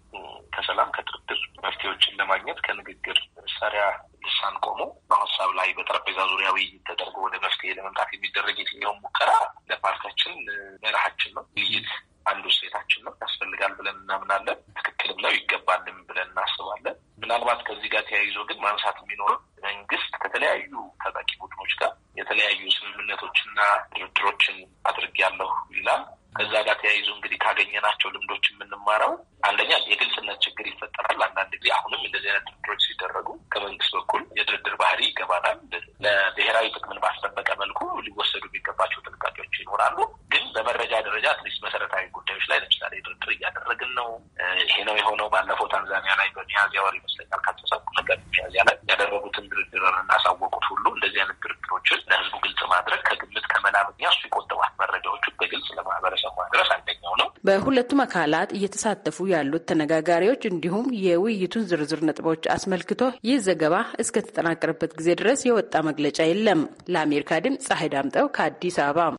ሁለቱም አካላት እየተሳተፉ ያሉት ተነጋጋሪዎች እንዲሁም የውይይቱን ዝርዝር ነጥቦች አስመልክቶ ይህ ዘገባ እስከተጠናቀረበት ጊዜ ድረስ የወጣ መግለጫ የለም። ለአሜሪካ ድምፅ ፀሐይ ዳምጠው ከአዲስ አበባ።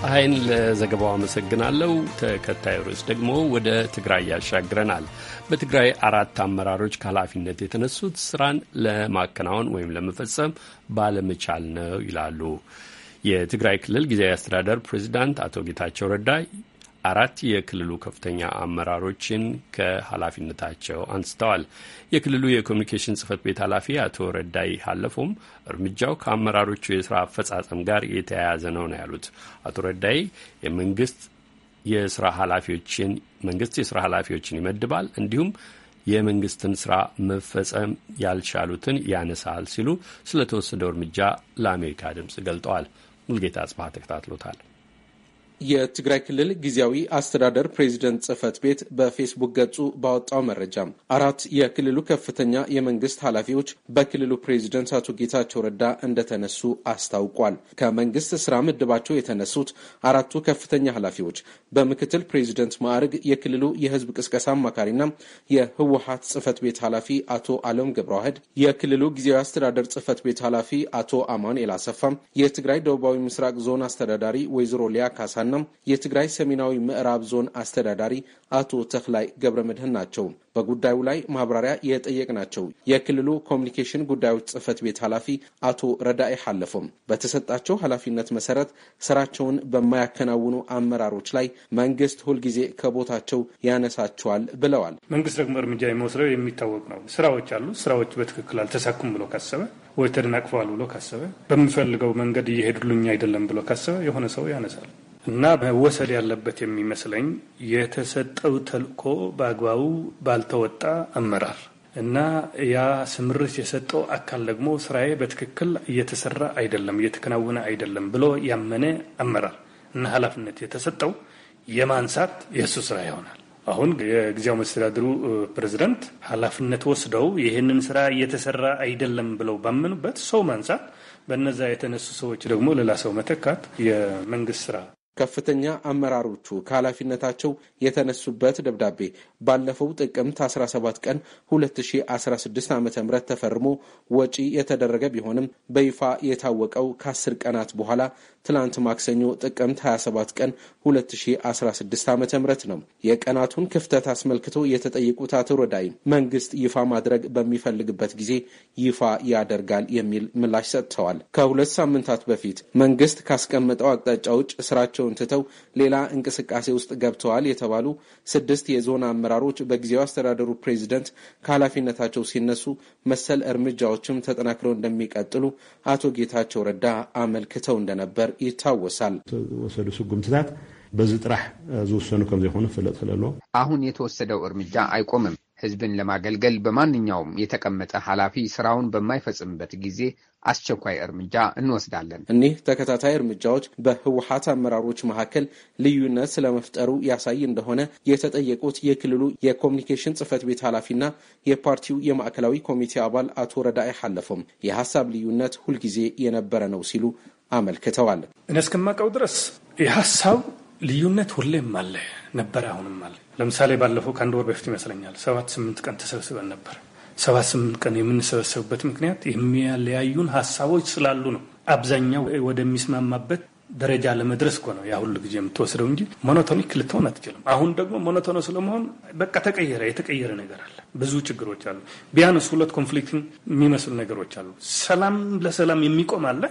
ፀሐይን ለዘገባው አመሰግናለሁ። ተከታዩ ርዕስ ደግሞ ወደ ትግራይ ያሻግረናል። በትግራይ አራት አመራሮች ከኃላፊነት የተነሱት ስራን ለማከናወን ወይም ለመፈጸም ባለመቻል ነው ይላሉ። የትግራይ ክልል ጊዜያዊ አስተዳደር ፕሬዚዳንት አቶ ጌታቸው ረዳ አራት የክልሉ ከፍተኛ አመራሮችን ከኃላፊነታቸው አንስተዋል። የክልሉ የኮሚኒኬሽን ጽህፈት ቤት ኃላፊ አቶ ረዳይ ሀለፎም እርምጃው ከአመራሮቹ የስራ አፈጻጸም ጋር የተያያዘ ነው ነው ያሉት። አቶ ረዳይ የመንግስት የስራ ኃላፊዎችን መንግስት የስራ ኃላፊዎችን ይመድባል እንዲሁም የመንግስትን ስራ መፈጸም ያልቻሉትን ያነሳል ሲሉ ስለተወሰደው እርምጃ ለአሜሪካ ድምፅ ገልጠዋል። ሙልጌታ ጽባህ ተከታትሎታል። የትግራይ ክልል ጊዜያዊ አስተዳደር ፕሬዚደንት ጽህፈት ቤት በፌስቡክ ገጹ ባወጣው መረጃ አራት የክልሉ ከፍተኛ የመንግስት ኃላፊዎች በክልሉ ፕሬዚደንት አቶ ጌታቸው ረዳ እንደተነሱ አስታውቋል። ከመንግስት ስራ ምድባቸው የተነሱት አራቱ ከፍተኛ ኃላፊዎች በምክትል ፕሬዚደንት ማዕርግ የክልሉ የህዝብ ቅስቀሳ አማካሪና የህወሀት ጽህፈት ቤት ኃላፊ አቶ አለም ገብረዋህድ፣ የክልሉ ጊዜያዊ አስተዳደር ጽህፈት ቤት ኃላፊ አቶ አማኑኤል አሰፋ፣ የትግራይ ደቡባዊ ምስራቅ ዞን አስተዳዳሪ ወይዘሮ ሊያ ካሳ ዋናም የትግራይ ሰሜናዊ ምዕራብ ዞን አስተዳዳሪ አቶ ተክላይ ገብረ መድህን ናቸው። በጉዳዩ ላይ ማብራሪያ የጠየቅናቸው የክልሉ ኮሚኒኬሽን ጉዳዮች ጽህፈት ቤት ኃላፊ አቶ ረዳኤ ሐለፎም በተሰጣቸው ኃላፊነት መሰረት ስራቸውን በማያከናውኑ አመራሮች ላይ መንግስት ሁልጊዜ ከቦታቸው ያነሳቸዋል ብለዋል። መንግስት ደግሞ እርምጃ የሚወስደው የሚታወቅ ነው። ስራዎች አሉ። ስራዎች በትክክል አልተሳኩም ብሎ ካሰበ ወይ ተደናቅፈዋል ብሎ ካሰበ በምፈልገው መንገድ እየሄዱልኝ አይደለም ብሎ ካሰበ የሆነ ሰው ያነሳል። እና መወሰድ ያለበት የሚመስለኝ የተሰጠው ተልእኮ በአግባቡ ባልተወጣ አመራር እና ያ ስምርት የሰጠው አካል ደግሞ ስራዬ በትክክል እየተሰራ አይደለም፣ እየተከናወነ አይደለም ብሎ ያመነ አመራር እና ኃላፊነት የተሰጠው የማንሳት የእሱ ስራ ይሆናል። አሁን የጊዜያዊ መስተዳድሩ ፕሬዚደንት ኃላፊነት ወስደው ይህንን ስራ እየተሰራ አይደለም ብለው ባመኑበት ሰው ማንሳት፣ በነዛ የተነሱ ሰዎች ደግሞ ሌላ ሰው መተካት የመንግስት ስራ ከፍተኛ አመራሮቹ ከኃላፊነታቸው የተነሱበት ደብዳቤ ባለፈው ጥቅምት 17 ቀን 2016 ዓ ም ተፈርሞ ወጪ የተደረገ ቢሆንም በይፋ የታወቀው ከ10 ቀናት በኋላ ትላንት ማክሰኞ ጥቅምት 27 ቀን 2016 ዓ ም ነው። የቀናቱን ክፍተት አስመልክቶ የተጠየቁት አቶ ረዳይ መንግስት ይፋ ማድረግ በሚፈልግበት ጊዜ ይፋ ያደርጋል የሚል ምላሽ ሰጥተዋል። ከሁለት ሳምንታት በፊት መንግስት ካስቀመጠው አቅጣጫ ውጭ ስራቸው ስራቸውን ትተው ሌላ እንቅስቃሴ ውስጥ ገብተዋል የተባሉ ስድስት የዞን አመራሮች በጊዜው አስተዳደሩ ፕሬዚደንት ከኃላፊነታቸው ሲነሱ መሰል እርምጃዎችም ተጠናክረው እንደሚቀጥሉ አቶ ጌታቸው ረዳ አመልክተው እንደነበር ይታወሳል። ወሰዱ ስጉምትታት በዚ ጥራሕ ዝውሰኑ ከም ዘይኮኑ ፍለጥ ስለለዎ አሁን የተወሰደው እርምጃ አይቆምም። ህዝብን ለማገልገል በማንኛውም የተቀመጠ ኃላፊ ስራውን በማይፈጽምበት ጊዜ አስቸኳይ እርምጃ እንወስዳለን። እኒህ ተከታታይ እርምጃዎች በህወሀት አመራሮች መካከል ልዩነት ስለመፍጠሩ ያሳይ እንደሆነ የተጠየቁት የክልሉ የኮሚኒኬሽን ጽህፈት ቤት ኃላፊና የፓርቲው የማዕከላዊ ኮሚቴ አባል አቶ ረዳ ሐለፎም የሀሳብ ልዩነት ሁልጊዜ የነበረ ነው ሲሉ አመልክተዋል። እኔ እስከማውቀው ድረስ የሀሳብ ልዩነት ሁሌም አለ ነበረ፣ አሁንም አለ። ለምሳሌ ባለፈው ከአንድ ወር በፊት ይመስለኛል ሰባት ስምንት ቀን ተሰብስበን ነበር ሰባ ስምንት ቀን የምንሰበሰብበት ምክንያት የሚያለያዩን ሀሳቦች ስላሉ ነው። አብዛኛው ወደሚስማማበት ደረጃ ለመድረስ እኮ ነው ያ ሁሉ ጊዜ የምትወስደው እንጂ ሞኖቶኒክ ልትሆን አትችልም። አሁን ደግሞ ሞኖቶኖ ስለመሆን በቃ ተቀየረ፣ የተቀየረ ነገር አለ። ብዙ ችግሮች አሉ። ቢያንስ ሁለት ኮንፍሊክቲንግ የሚመስሉ ነገሮች አሉ። ሰላም ለሰላም የሚቆም አለ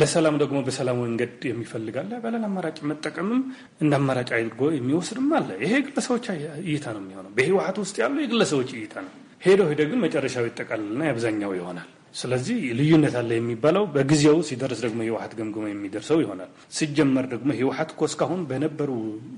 ለሰላም ደግሞ በሰላም መንገድ የሚፈልጋለ በሌላ አማራጭ መጠቀምም እንደ አማራጭ አድርጎ የሚወስድም አለ። ይሄ የግለሰቦች እይታ ነው የሚሆነው። በህወሀት ውስጥ ያሉ የግለሰቦች እይታ ነው። ሄዶ ሄደ ግን መጨረሻው ይጠቃልልና የአብዛኛው ይሆናል። ስለዚህ ልዩነት አለ የሚባለው በጊዜው ሲደርስ ደግሞ ህወሀት ገምግሞ የሚደርሰው ይሆናል። ሲጀመር ደግሞ ህወሀት እኮ እስካሁን በነበሩ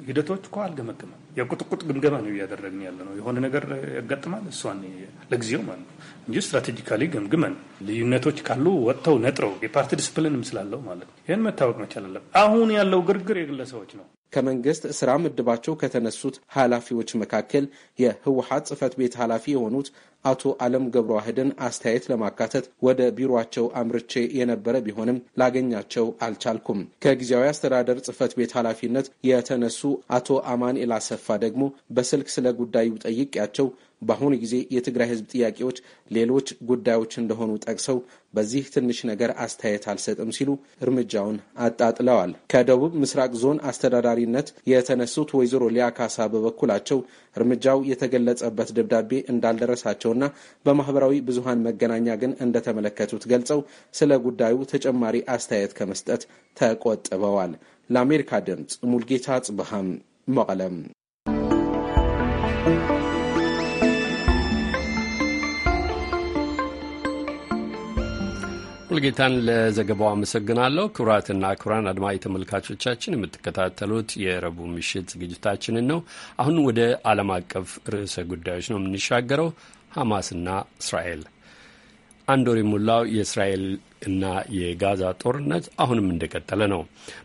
ሂደቶች እኮ አልገመገመም። የቁጥቁጥ ግምገማ ነው እያደረግን ያለ ነው። የሆነ ነገር ያጋጥማል፣ እሷን ለጊዜው ማለት ነው እንጂ ስትራቴጂካሊ ገምግመን ልዩነቶች ካሉ ወጥተው ነጥረው የፓርቲ ዲስፕሊንም ስላለው ማለት ነው። ይህን መታወቅ መቻል አለብን። አሁን ያለው ግርግር የግለሰቦች ነው። ከመንግስት ስራ ምድባቸው ከተነሱት ኃላፊዎች መካከል የህወሀት ጽህፈት ቤት ኃላፊ የሆኑት አቶ አለም ገብረዋህድን አስተያየት ለማካተት ወደ ቢሮቸው አምርቼ የነበረ ቢሆንም ላገኛቸው አልቻልኩም። ከጊዜያዊ አስተዳደር ጽህፈት ቤት ኃላፊነት የተነሱ አቶ አማን አሰፋ ደግሞ በስልክ ስለ ጉዳዩ ጠይቄያቸው በአሁኑ ጊዜ የትግራይ ህዝብ ጥያቄዎች ሌሎች ጉዳዮች እንደሆኑ ጠቅሰው በዚህ ትንሽ ነገር አስተያየት አልሰጥም ሲሉ እርምጃውን አጣጥለዋል። ከደቡብ ምስራቅ ዞን አስተዳዳሪነት የተነሱት ወይዘሮ ሊያ ካሳ በበኩላቸው እርምጃው የተገለጸበት ደብዳቤ እንዳልደረሳቸውና በማህበራዊ ብዙሃን መገናኛ ግን እንደተመለከቱት ገልጸው ስለ ጉዳዩ ተጨማሪ አስተያየት ከመስጠት ተቆጥበዋል። ለአሜሪካ ድምፅ ሙልጌታ ጽብሃም መቀለም ሙልጌታን ለዘገባው አመሰግናለሁ። ክቡራትና ክቡራን አድማጭ ተመልካቾቻችን የምትከታተሉት የረቡዕ ምሽት ዝግጅታችንን ነው። አሁን ወደ ዓለም አቀፍ ርዕሰ ጉዳዮች ነው የምንሻገረው። ሐማስና እስራኤል አንድ ወር የሞላው የእስራኤል እና የጋዛ ጦርነት አሁንም እንደቀጠለ ነው።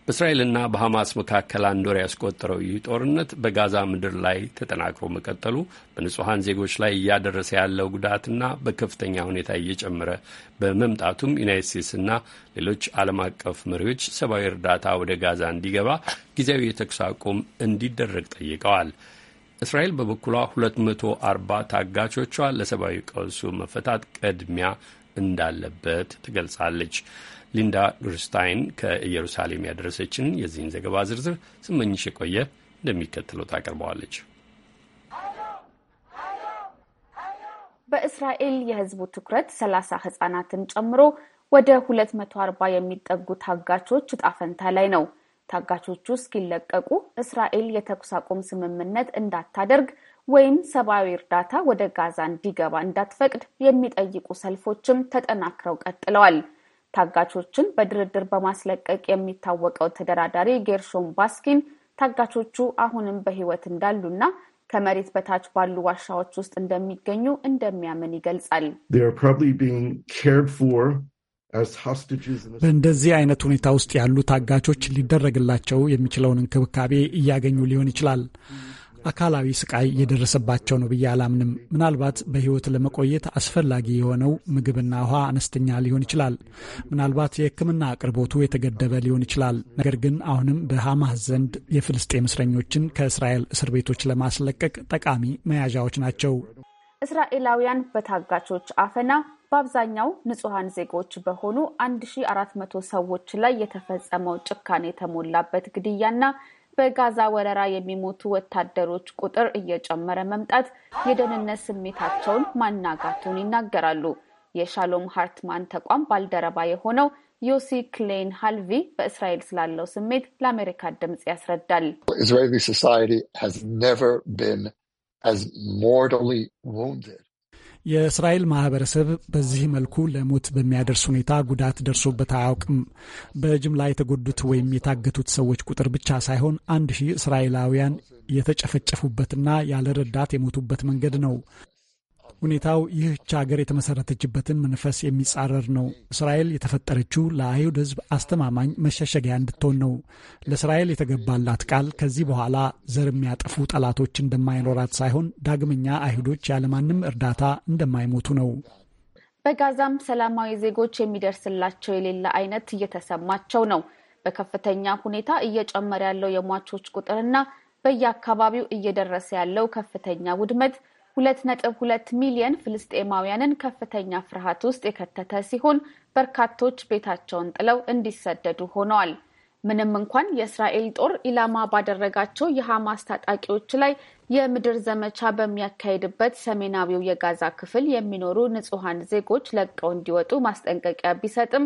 በእስራኤልና በሐማስ መካከል አንድ ወር ያስቆጠረው ይህ ጦርነት በጋዛ ምድር ላይ ተጠናክሮ መቀጠሉ በንጹሐን ዜጎች ላይ እያደረሰ ያለው ጉዳትና በከፍተኛ ሁኔታ እየጨመረ በመምጣቱም ዩናይት ስቴትስና ሌሎች ዓለም አቀፍ መሪዎች ሰብአዊ እርዳታ ወደ ጋዛ እንዲገባ ጊዜያዊ የተኩስ አቁም እንዲደረግ ጠይቀዋል። እስራኤል በበኩሏ 240 ታጋቾቿ ለሰብአዊ ቀውሱ መፈታት ቅድሚያ እንዳለበት ትገልጻለች። ሊንዳ ግርስታይን ከኢየሩሳሌም ያደረሰችን የዚህን ዘገባ ዝርዝር ስመኝሽ የቆየ እንደሚከተለው ታቀርበዋለች። በእስራኤል የህዝቡ ትኩረት 30 ህጻናትን ጨምሮ ወደ 240 የሚጠጉ ታጋቾች እጣ ፈንታ ላይ ነው። ታጋቾቹ እስኪለቀቁ እስራኤል የተኩስ አቁም ስምምነት እንዳታደርግ ወይም ሰብአዊ እርዳታ ወደ ጋዛ እንዲገባ እንዳትፈቅድ የሚጠይቁ ሰልፎችም ተጠናክረው ቀጥለዋል። ታጋቾችን በድርድር በማስለቀቅ የሚታወቀው ተደራዳሪ ጌርሾን ባስኪን ታጋቾቹ አሁንም በሕይወት እንዳሉና ከመሬት በታች ባሉ ዋሻዎች ውስጥ እንደሚገኙ እንደሚያምን ይገልጻል። በእንደዚህ አይነት ሁኔታ ውስጥ ያሉ ታጋቾች ሊደረግላቸው የሚችለውን እንክብካቤ እያገኙ ሊሆን ይችላል። አካላዊ ስቃይ እየደረሰባቸው ነው ብዬ አላምንም። ምናልባት በሕይወት ለመቆየት አስፈላጊ የሆነው ምግብና ውሃ አነስተኛ ሊሆን ይችላል። ምናልባት የሕክምና አቅርቦቱ የተገደበ ሊሆን ይችላል። ነገር ግን አሁንም በሐማስ ዘንድ የፍልስጤም እስረኞችን ከእስራኤል እስር ቤቶች ለማስለቀቅ ጠቃሚ መያዣዎች ናቸው። እስራኤላውያን በታጋቾች አፈና በአብዛኛው ንጹሐን ዜጎች በሆኑ 1400 ሰዎች ላይ የተፈጸመው ጭካኔ የተሞላበት ግድያና በጋዛ ወረራ የሚሞቱ ወታደሮች ቁጥር እየጨመረ መምጣት የደህንነት ስሜታቸውን ማናጋቱን ይናገራሉ። የሻሎም ሃርትማን ተቋም ባልደረባ የሆነው ዮሲ ክሌን ሃልቪ በእስራኤል ስላለው ስሜት ለአሜሪካ ድምፅ ያስረዳል። እስራኤል ሶሳይቲ ሞርታሊ የእስራኤል ማህበረሰብ በዚህ መልኩ ለሞት በሚያደርስ ሁኔታ ጉዳት ደርሶበት አያውቅም። በጅምላ የተጎዱት ወይም የታገቱት ሰዎች ቁጥር ብቻ ሳይሆን አንድ ሺህ እስራኤላውያን የተጨፈጨፉበትና ያለ ረዳት የሞቱበት መንገድ ነው። ሁኔታው ይህች ሀገር የተመሰረተችበትን መንፈስ የሚጻረር ነው። እስራኤል የተፈጠረችው ለአይሁድ ሕዝብ አስተማማኝ መሸሸጊያ እንድትሆን ነው። ለእስራኤል የተገባላት ቃል ከዚህ በኋላ ዘር የሚያጠፉ ጠላቶች እንደማይኖራት ሳይሆን ዳግመኛ አይሁዶች ያለማንም እርዳታ እንደማይሞቱ ነው። በጋዛም ሰላማዊ ዜጎች የሚደርስላቸው የሌለ አይነት እየተሰማቸው ነው። በከፍተኛ ሁኔታ እየጨመረ ያለው የሟቾች ቁጥርና በየአካባቢው እየደረሰ ያለው ከፍተኛ ውድመት ሁለት ነጥብ ሁለት ሚሊየን ፍልስጤማውያንን ከፍተኛ ፍርሃት ውስጥ የከተተ ሲሆን በርካቶች ቤታቸውን ጥለው እንዲሰደዱ ሆነዋል። ምንም እንኳን የእስራኤል ጦር ኢላማ ባደረጋቸው የሐማስ ታጣቂዎች ላይ የምድር ዘመቻ በሚያካሄድበት ሰሜናዊው የጋዛ ክፍል የሚኖሩ ንጹሐን ዜጎች ለቀው እንዲወጡ ማስጠንቀቂያ ቢሰጥም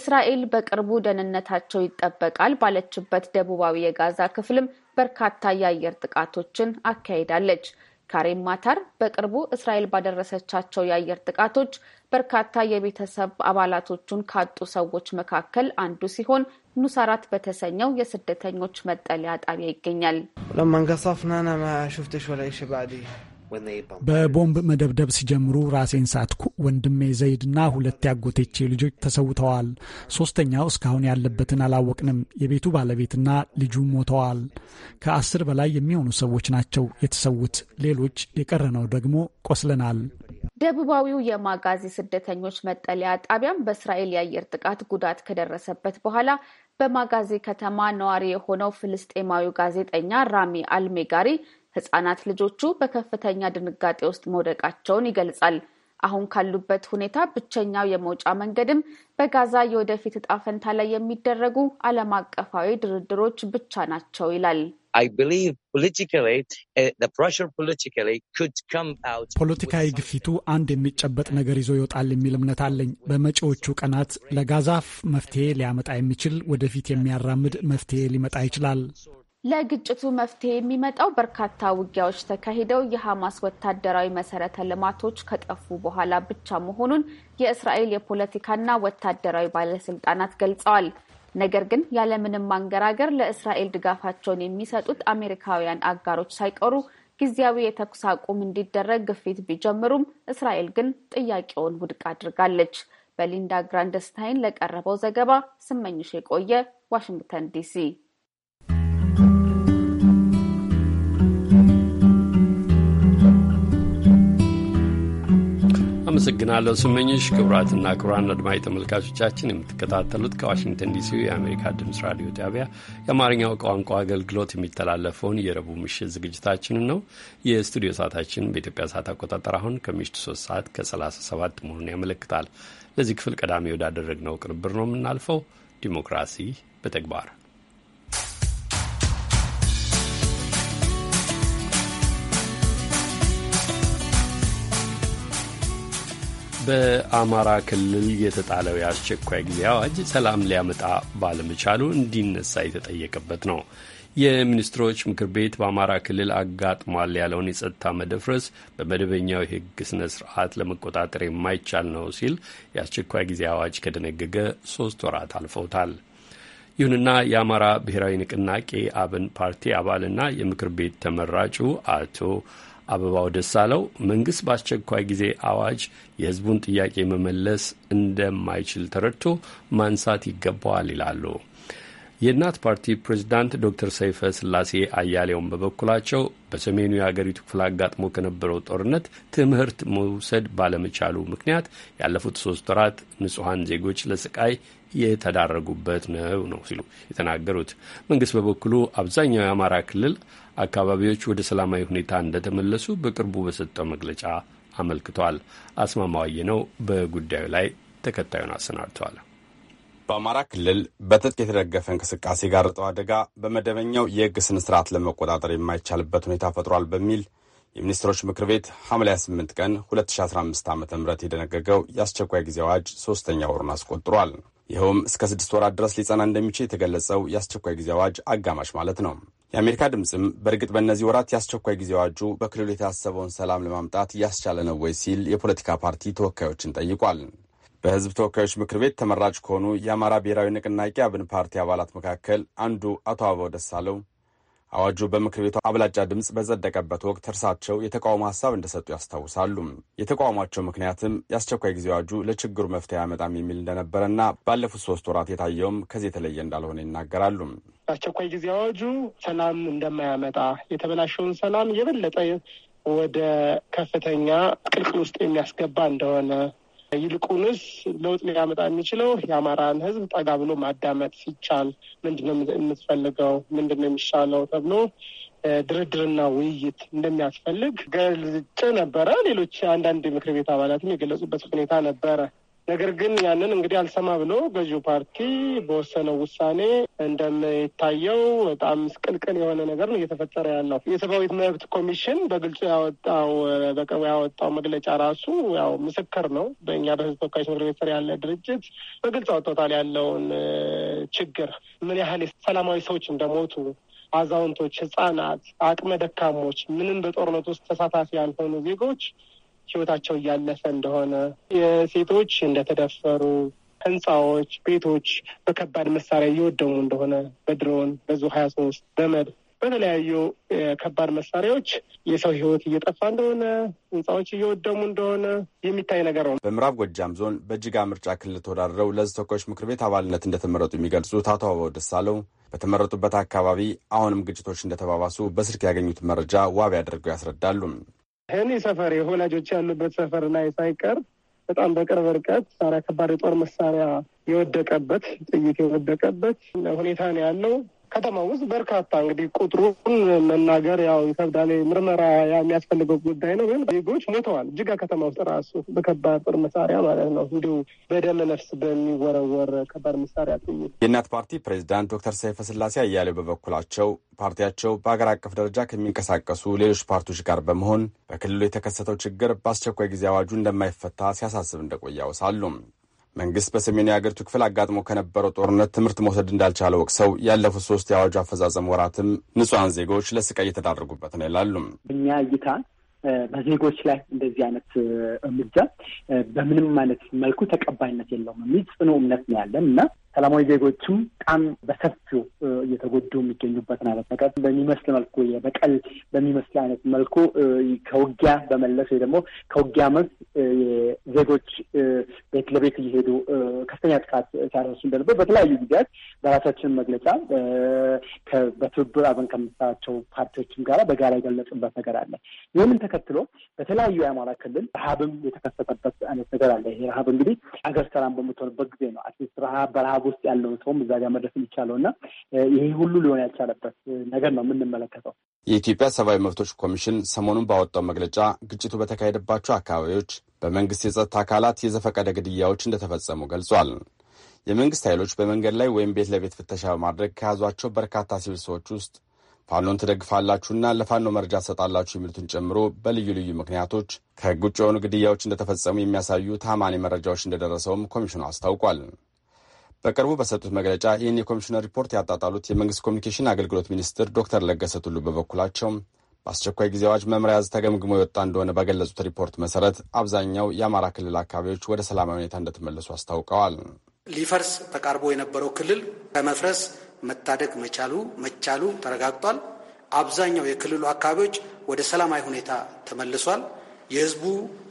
እስራኤል በቅርቡ ደህንነታቸው ይጠበቃል ባለችበት ደቡባዊ የጋዛ ክፍልም በርካታ የአየር ጥቃቶችን አካሂዳለች። ካሬም ማታር በቅርቡ እስራኤል ባደረሰቻቸው የአየር ጥቃቶች በርካታ የቤተሰብ አባላቶቹን ካጡ ሰዎች መካከል አንዱ ሲሆን ኑሳራት በተሰኘው የስደተኞች መጠለያ ጣቢያ ይገኛል። በቦምብ መደብደብ ሲጀምሩ ራሴን ሳትኩ። ወንድሜ ዘይድና ሁለት ያጎቴቼ ልጆች ተሰውተዋል። ሶስተኛው እስካሁን ያለበትን አላወቅንም። የቤቱ ባለቤትና ልጁ ሞተዋል። ከአስር በላይ የሚሆኑ ሰዎች ናቸው የተሰውት ሌሎች የቀረነው ደግሞ ቆስለናል። ደቡባዊው የማጋዚ ስደተኞች መጠለያ ጣቢያም በእስራኤል የአየር ጥቃት ጉዳት ከደረሰበት በኋላ በማጋዚ ከተማ ነዋሪ የሆነው ፍልስጤማዊ ጋዜጠኛ ራሚ አልሜጋሪ ህጻናት ልጆቹ በከፍተኛ ድንጋጤ ውስጥ መውደቃቸውን ይገልጻል። አሁን ካሉበት ሁኔታ ብቸኛው የመውጫ መንገድም በጋዛ የወደፊት እጣ ፈንታ ላይ የሚደረጉ ዓለም አቀፋዊ ድርድሮች ብቻ ናቸው ይላል። uh, ፖለቲካዊ ግፊቱ አንድ የሚጨበጥ ነገር ይዞ ይወጣል የሚል እምነት አለኝ። በመጪዎቹ ቀናት ለጋዛ መፍትሄ ሊያመጣ የሚችል ወደፊት የሚያራምድ መፍትሄ ሊመጣ ይችላል። ለግጭቱ መፍትሄ የሚመጣው በርካታ ውጊያዎች ተካሂደው የሐማስ ወታደራዊ መሰረተ ልማቶች ከጠፉ በኋላ ብቻ መሆኑን የእስራኤል የፖለቲካና ወታደራዊ ባለስልጣናት ገልጸዋል። ነገር ግን ያለምንም ማንገራገር ለእስራኤል ድጋፋቸውን የሚሰጡት አሜሪካውያን አጋሮች ሳይቀሩ ጊዜያዊ የተኩስ አቁም እንዲደረግ ግፊት ቢጀምሩም እስራኤል ግን ጥያቄውን ውድቅ አድርጋለች። በሊንዳ ግራንደስታይን ለቀረበው ዘገባ ስመኝሽ የቆየ ዋሽንግተን ዲሲ አመሰግናለሁ ስመኝሽ። ክቡራትና ክቡራን አድማጭ ተመልካቾቻችን የምትከታተሉት ከዋሽንግተን ዲሲ የአሜሪካ ድምፅ ራዲዮ ጣቢያ የአማርኛው ቋንቋ አገልግሎት የሚተላለፈውን የረቡዕ ምሽት ዝግጅታችንን ነው። የስቱዲዮ ሰዓታችን በኢትዮጵያ ሰዓት አቆጣጠር አሁን ከምሽቱ 3 ሰዓት ከ37 መሆኑን ያመለክታል። ለዚህ ክፍል ቀዳሚ ወዳደረግነው ቅንብር ነው የምናልፈው። ዲሞክራሲ በተግባር በአማራ ክልል የተጣለው የአስቸኳይ ጊዜ አዋጅ ሰላም ሊያመጣ ባለመቻሉ እንዲነሳ የተጠየቀበት ነው። የሚኒስትሮች ምክር ቤት በአማራ ክልል አጋጥሟል ያለውን የጸጥታ መደፍረስ በመደበኛው የሕግ ስነ ስርዓት ለመቆጣጠር የማይቻል ነው ሲል የአስቸኳይ ጊዜ አዋጅ ከደነገገ ሶስት ወራት አልፈውታል። ይሁንና የአማራ ብሔራዊ ንቅናቄ አብን ፓርቲ አባልና የምክር ቤት ተመራጩ አቶ አበባው ደሳለው መንግስት በአስቸኳይ ጊዜ አዋጅ የህዝቡን ጥያቄ መመለስ እንደማይችል ተረድቶ ማንሳት ይገባዋል ይላሉ። የእናት ፓርቲ ፕሬዚዳንት ዶክተር ሰይፈ ስላሴ አያሌውን በበኩላቸው በሰሜኑ የአገሪቱ ክፍል አጋጥሞ ከነበረው ጦርነት ትምህርት መውሰድ ባለመቻሉ ምክንያት ያለፉት ሶስት ወራት ንጹሐን ዜጎች ለስቃይ የተዳረጉበት ነው ነው ሲሉ የተናገሩት። መንግስት በበኩሉ አብዛኛው የአማራ ክልል አካባቢዎች ወደ ሰላማዊ ሁኔታ እንደተመለሱ በቅርቡ በሰጠው መግለጫ አመልክቷል። አስማማዋዬ ነው በጉዳዩ ላይ ተከታዩን አሰናድተዋል። በአማራ ክልል በትጥቅ የተደገፈ እንቅስቃሴ ጋርጠው አደጋ በመደበኛው የህግ ስነ ስርዓት ለመቆጣጠር የማይቻልበት ሁኔታ ፈጥሯል በሚል የሚኒስትሮች ምክር ቤት ሐምሌ 28 ቀን 2015 ዓ ም የደነገገው የአስቸኳይ ጊዜ አዋጅ ሶስተኛ ወሩን አስቆጥሯል። ይኸውም እስከ ስድስት ወራት ድረስ ሊጸና እንደሚችል የተገለጸው የአስቸኳይ ጊዜ አዋጅ አጋማሽ ማለት ነው። የአሜሪካ ድምፅም በእርግጥ በእነዚህ ወራት የአስቸኳይ ጊዜ አዋጁ በክልሉ የታሰበውን ሰላም ለማምጣት እያስቻለ ነው ወይ ሲል የፖለቲካ ፓርቲ ተወካዮችን ጠይቋል። በህዝብ ተወካዮች ምክር ቤት ተመራጭ ከሆኑ የአማራ ብሔራዊ ንቅናቄ አብን ፓርቲ አባላት መካከል አንዱ አቶ አበባው ደሳለው አዋጁ በምክር ቤቱ አብላጫ ድምፅ በጸደቀበት ወቅት እርሳቸው የተቃውሞ ሀሳብ እንደሰጡ ያስታውሳሉ። የተቃውሟቸው ምክንያትም የአስቸኳይ ጊዜ አዋጁ ለችግሩ መፍትሄ አያመጣም የሚል እንደነበረና ባለፉት ሶስት ወራት የታየውም ከዚህ የተለየ እንዳልሆነ ይናገራሉ። በአስቸኳይ ጊዜ አዋጁ ሰላም እንደማያመጣ የተበላሸውን ሰላም የበለጠ ወደ ከፍተኛ ቅልቅል ውስጥ የሚያስገባ እንደሆነ ይልቁንስ ለውጥ ሊያመጣ የሚችለው የአማራን ህዝብ ጠጋ ብሎ ማዳመጥ ሲቻል ምንድነው የምትፈልገው፣ ምንድነው የሚሻለው ተብሎ ድርድርና ውይይት እንደሚያስፈልግ ገልጭ ነበረ። ሌሎች አንዳንድ ምክር ቤት አባላትም የገለጹበት ሁኔታ ነበረ። ነገር ግን ያንን እንግዲህ አልሰማ ብሎ ገዢው ፓርቲ በወሰነው ውሳኔ እንደሚታየው በጣም ምስቅልቅል የሆነ ነገር ነው እየተፈጠረ ያለው። የሰብአዊ መብት ኮሚሽን በግልጹ ያወጣው በቅርቡ ያወጣው መግለጫ ራሱ ያው ምስክር ነው። በእኛ በህዝብ ተወካዮች ምክር ቤት ስር ያለ ድርጅት በግልጽ አወጥቶታል ያለውን ችግር ምን ያህል ሰላማዊ ሰዎች እንደሞቱ አዛውንቶች፣ ህጻናት፣ አቅመ ደካሞች ምንም በጦርነት ውስጥ ተሳታፊ ያልሆኑ ዜጎች ህይወታቸው እያለፈ እንደሆነ የሴቶች እንደተደፈሩ ህንፃዎች፣ ቤቶች በከባድ መሳሪያ እየወደሙ እንደሆነ በድሮን በዙ ሀያ ሶስት በመድ በተለያዩ ከባድ መሳሪያዎች የሰው ህይወት እየጠፋ እንደሆነ ህንፃዎች እየወደሙ እንደሆነ የሚታይ ነገር ነው። በምዕራብ ጎጃም ዞን በእጅጋ ምርጫ ክልል ተወዳድረው ለህዝብ ተወካዮች ምክር ቤት አባልነት እንደተመረጡ የሚገልጹት አቶ አበባው ደሳለው በተመረጡበት አካባቢ አሁንም ግጭቶች እንደተባባሱ በስልክ ያገኙት መረጃ ዋቢ አድርገው ያስረዳሉ። እኔ ሰፈር የወላጆች ያሉበት ሰፈር ላይ ሳይቀር በጣም በቅርብ ርቀት ሳሪያ ከባድ የጦር መሳሪያ የወደቀበት ጥይት የወደቀበት ሁኔታ ነው ያለው። ከተማ ውስጥ በርካታ እንግዲህ ቁጥሩን መናገር ያው ይከብዳል። ምርመራ የሚያስፈልገው ጉዳይ ነው። ግን ዜጎች ሞተዋል። ጅጋ ከተማ ውስጥ ራሱ በከባድ ጦር መሳሪያ ማለት ነው እንዲሁ በደመ ነፍስ በሚወረወር ከባድ መሳሪያ ጥይት። የእናት ፓርቲ ፕሬዚዳንት ዶክተር ሰይፈ ስላሴ አያሌው በበኩላቸው ፓርቲያቸው በሀገር አቀፍ ደረጃ ከሚንቀሳቀሱ ሌሎች ፓርቲዎች ጋር በመሆን በክልሉ የተከሰተው ችግር በአስቸኳይ ጊዜ አዋጁ እንደማይፈታ ሲያሳስብ እንደቆየ ያወሳሉ። መንግስት በሰሜኑ የአገሪቱ ክፍል አጋጥሞ ከነበረው ጦርነት ትምህርት መውሰድ እንዳልቻለ ወቅሰው ያለፉት ሶስት የአዋጁ አፈጻጸም ወራትም ንጹሐን ዜጎች ለስቃይ እየተዳረጉበት ነው ይላሉ። እኛ እይታ በዜጎች ላይ እንደዚህ አይነት እርምጃ በምንም አይነት መልኩ ተቀባይነት የለውም የሚል ጽኑ እምነት ነው ያለን እና ሰላማዊ ዜጎችም በጣም በሰፊው እየተጎዱ የሚገኙበት ነው። በሚመስል መልኩ በቀል በሚመስል አይነት መልኩ ከውጊያ በመለስ ወይ ደግሞ ከውጊያ መልስ ዜጎች ቤት ለቤት እየሄዱ ከፍተኛ ጥቃት ሲያደርሱ እንደነበር በተለያዩ ጊዜያት በራሳችን መግለጫ በትብብር አብረን ከምንሰራቸው ፓርቲዎችም ጋር በጋራ የገለጽበት ነገር አለ። ይህንን ተከትሎ በተለያዩ የአማራ ክልል ረሃብም የተከሰተበት አይነት ነገር አለ። ይሄ ረሃብ እንግዲህ አገር ሰላም በምትሆንበት ጊዜ ነው አትሊስት ረሃብ በረሃቡ ውስጥ ያለውን ሰውም እዛ ጋር መድረስ የሚቻለው እና ይሄ ሁሉ ሊሆን ያልቻለበት ነገር ነው የምንመለከተው። የኢትዮጵያ ሰብአዊ መብቶች ኮሚሽን ሰሞኑን ባወጣው መግለጫ ግጭቱ በተካሄደባቸው አካባቢዎች በመንግስት የጸጥታ አካላት የዘፈቀደ ግድያዎች እንደተፈጸሙ ገልጿል። የመንግስት ኃይሎች በመንገድ ላይ ወይም ቤት ለቤት ፍተሻ በማድረግ ከያዟቸው በርካታ ሲቪል ሰዎች ውስጥ ፋኖን ትደግፋላችሁና ለፋኖ መረጃ ትሰጣላችሁ የሚሉትን ጨምሮ በልዩ ልዩ ምክንያቶች ከህግ ውጭ የሆኑ ግድያዎች እንደተፈጸሙ የሚያሳዩ ታማኒ መረጃዎች እንደደረሰውም ኮሚሽኑ አስታውቋል። በቅርቡ በሰጡት መግለጫ ይህን የኮሚሽነር ሪፖርት ያጣጣሉት የመንግስት ኮሚኒኬሽን አገልግሎት ሚኒስትር ዶክተር ለገሰ ቱሉ በበኩላቸው በአስቸኳይ ጊዜ አዋጅ መመሪያ ተገምግሞ የወጣ እንደሆነ በገለጹት ሪፖርት መሰረት አብዛኛው የአማራ ክልል አካባቢዎች ወደ ሰላማዊ ሁኔታ እንደተመለሱ አስታውቀዋል። ሊፈርስ ተቃርቦ የነበረው ክልል ከመፍረስ መታደግ መቻሉ መቻሉ ተረጋግጧል። አብዛኛው የክልሉ አካባቢዎች ወደ ሰላማዊ ሁኔታ ተመልሷል። የህዝቡ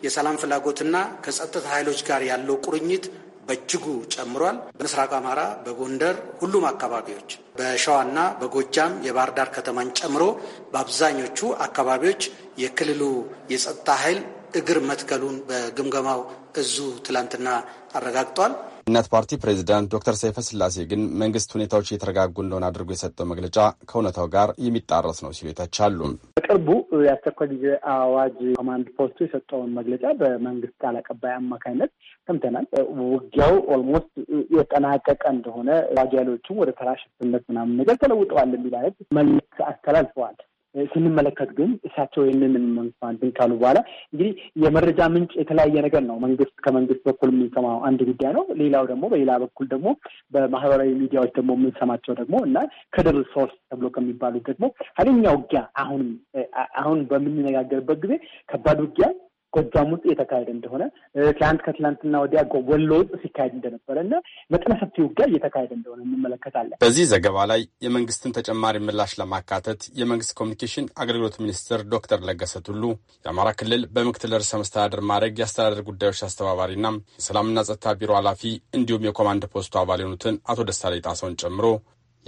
የሰላም ፍላጎትና ከጸጥታ ኃይሎች ጋር ያለው ቁርኝት በእጅጉ ጨምሯል። በምስራቅ አማራ፣ በጎንደር ሁሉም አካባቢዎች በሸዋና በጎጃም የባህር ዳር ከተማን ጨምሮ በአብዛኞቹ አካባቢዎች የክልሉ የጸጥታ ኃይል እግር መትከሉን በግምገማው እዙ ትላንትና አረጋግጧል። እናት ፓርቲ ፕሬዚዳንት ዶክተር ሰይፈ ስላሴ ግን መንግስት ሁኔታዎች እየተረጋጉ እንደሆነ አድርጎ የሰጠው መግለጫ ከእውነታው ጋር የሚጣረስ ነው ሲሉ ይተቻሉ። በቅርቡ የአስቸኳይ ጊዜ አዋጅ ኮማንድ ፖስቱ የሰጠውን መግለጫ በመንግስት ቃል አቀባይ አማካኝነት ሰምተናል። ውጊያው ኦልሞስት የጠናቀቀ እንደሆነ አዋጅ ያሌዎቹም ወደ ተራሽነት ምናምን ነገር ተለውጠዋል የሚል አይነት መልዕክት አስተላልፈዋል። ስንመለከት ግን እሳቸው ይህንን እንትን ካሉ በኋላ እንግዲህ የመረጃ ምንጭ የተለያየ ነገር ነው። መንግስት ከመንግስት በኩል የምንሰማው አንድ ጉዳይ ነው። ሌላው ደግሞ በሌላ በኩል ደግሞ በማህበራዊ ሚዲያዎች ደግሞ የምንሰማቸው ደግሞ እና ከደር ሶርስ ተብሎ ከሚባሉት ደግሞ ኃይለኛ ውጊያ አሁን አሁን በምንነጋገርበት ጊዜ ከባድ ውጊያ ጎጃም ውስጥ እየተካሄደ እንደሆነ ትላንት ከትላንትና ወዲያ ወሎ ውስጥ ሲካሄድ እንደነበረ እና መጠነ ሰፊ ውጊያ እየተካሄደ እንደሆነ እንመለከታለን። በዚህ ዘገባ ላይ የመንግስትን ተጨማሪ ምላሽ ለማካተት የመንግስት ኮሚኒኬሽን አገልግሎት ሚኒስትር ዶክተር ለገሰ ቱሉ የአማራ ክልል በምክትል ርዕሰ መስተዳደር ማድረግ የአስተዳደር ጉዳዮች አስተባባሪና የሰላምና ጸጥታ ቢሮ ኃላፊ እንዲሁም የኮማንድ ፖስቱ አባል የሆኑትን አቶ ደሳለኝ ጣሰውን ጨምሮ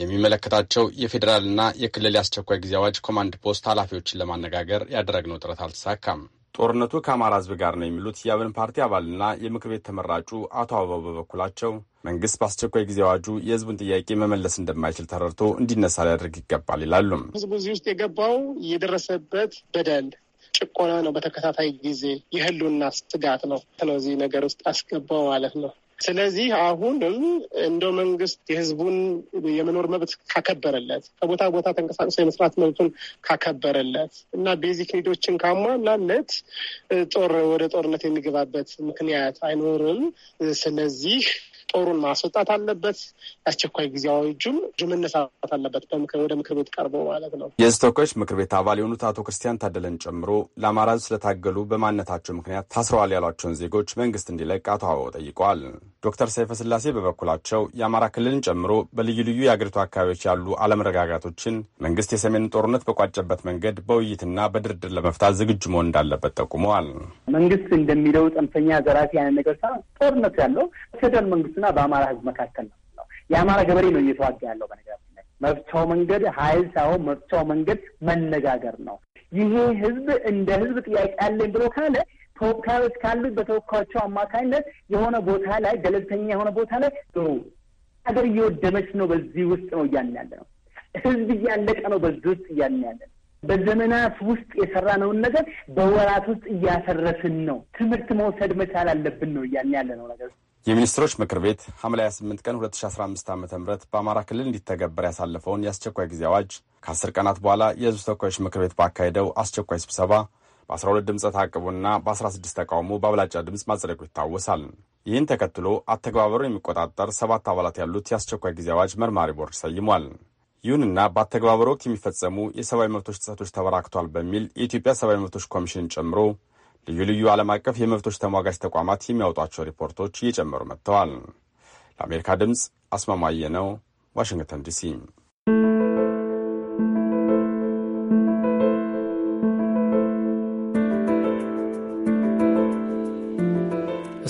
የሚመለከታቸው የፌዴራልና የክልል የአስቸኳይ ጊዜ አዋጅ ኮማንድ ፖስት ኃላፊዎችን ለማነጋገር ያደረግነው ጥረት አልተሳካም። ጦርነቱ ከአማራ ሕዝብ ጋር ነው የሚሉት የአብን ፓርቲ አባልና የምክር ቤት ተመራጩ አቶ አበባው በበኩላቸው መንግስት በአስቸኳይ ጊዜ አዋጁ የህዝቡን ጥያቄ መመለስ እንደማይችል ተረድቶ እንዲነሳ ሊያደርግ ይገባል ይላሉ። ህዝቡ እዚህ ውስጥ የገባው የደረሰበት በደል ጭቆና ነው። በተከታታይ ጊዜ የህልውና ስጋት ነው። ስለዚህ ነገር ውስጥ አስገባው ማለት ነው። ስለዚህ አሁንም እንደ መንግስት የህዝቡን የመኖር መብት ካከበረለት፣ ከቦታ ቦታ ተንቀሳቅሶ የመስራት መብቱን ካከበረለት እና ቤዚክ ኒዶችን ካሟላለት ጦር ወደ ጦርነት የሚገባበት ምክንያት አይኖርም። ስለዚህ ጦሩን ማስወጣት አለበት። የአስቸኳይ ጊዜ አዋጁም መነሳት አለበት ወደ ምክር ቤት ቀርቦ ማለት ነው። የህዝብ ተወካዮች ምክር ቤት አባል የሆኑት አቶ ክርስቲያን ታደለን ጨምሮ ለአማራ ስለታገሉ በማንነታቸው ምክንያት ታስረዋል ያሏቸውን ዜጎች መንግስት እንዲለቅ አቶ አበባው ጠይቋል። ዶክተር ሰይፈ ስላሴ በበኩላቸው የአማራ ክልልን ጨምሮ በልዩ ልዩ የአገሪቱ አካባቢዎች ያሉ አለመረጋጋቶችን መንግስት የሰሜን ጦርነት በቋጨበት መንገድ በውይይትና በድርድር ለመፍታት ዝግጁ መሆን እንዳለበት ጠቁመዋል። መንግስት እንደሚለው ጽንፈኛ ዘራፊ ያንን ነገር ሳ ጦርነት ያለው ፌደራል መንግስት እና በአማራ ህዝብ መካከል ነው። የአማራ ገበሬ ነው እየተዋጋ ያለው። በነገራችን ላይ መፍቻው መንገድ ሀይል ሳይሆን መፍቻው መንገድ መነጋገር ነው። ይሄ ህዝብ እንደ ህዝብ ጥያቄ አለኝ ብሎ ካለ ተወካዮች ካሉት በተወካዮቸው አማካኝነት የሆነ ቦታ ላይ ገለልተኛ የሆነ ቦታ ላይ ጥሩ ሀገር እየወደመች ነው። በዚህ ውስጥ ነው እያልን ያለ ነው። ህዝብ እያለቀ ነው። በዚህ ውስጥ እያልን ያለ ነው። በዘመናት ውስጥ የሰራነውን ነገር በወራት ውስጥ እያሰረስን ነው። ትምህርት መውሰድ መቻል አለብን ነው እያልን ያለ ነው ነገር የሚኒስትሮች ምክር ቤት ሐምሌ 28 ቀን 2015 ዓ ም በአማራ ክልል እንዲተገበር ያሳለፈውን የአስቸኳይ ጊዜ አዋጅ ከ10 ቀናት በኋላ የህዝብ ተወካዮች ምክር ቤት ባካሄደው አስቸኳይ ስብሰባ በ12 ድምፀ ታቅቦና በ16 ተቃውሞ በአብላጫ ድምፅ ማጽደቁ ይታወሳል። ይህን ተከትሎ አተገባበሩን የሚቆጣጠር ሰባት አባላት ያሉት የአስቸኳይ ጊዜ አዋጅ መርማሪ ቦርድ ሰይሟል። ይሁንና በአተገባበር ወቅት የሚፈጸሙ የሰብአዊ መብቶች ጥሰቶች ተበራክቷል በሚል የኢትዮጵያ ሰብአዊ መብቶች ኮሚሽን ጨምሮ ልዩ ልዩ ዓለም አቀፍ የመብቶች ተሟጋች ተቋማት የሚያወጧቸው ሪፖርቶች እየጨመሩ መጥተዋል። ለአሜሪካ ድምፅ አስማማየ ነው፣ ዋሽንግተን ዲሲ።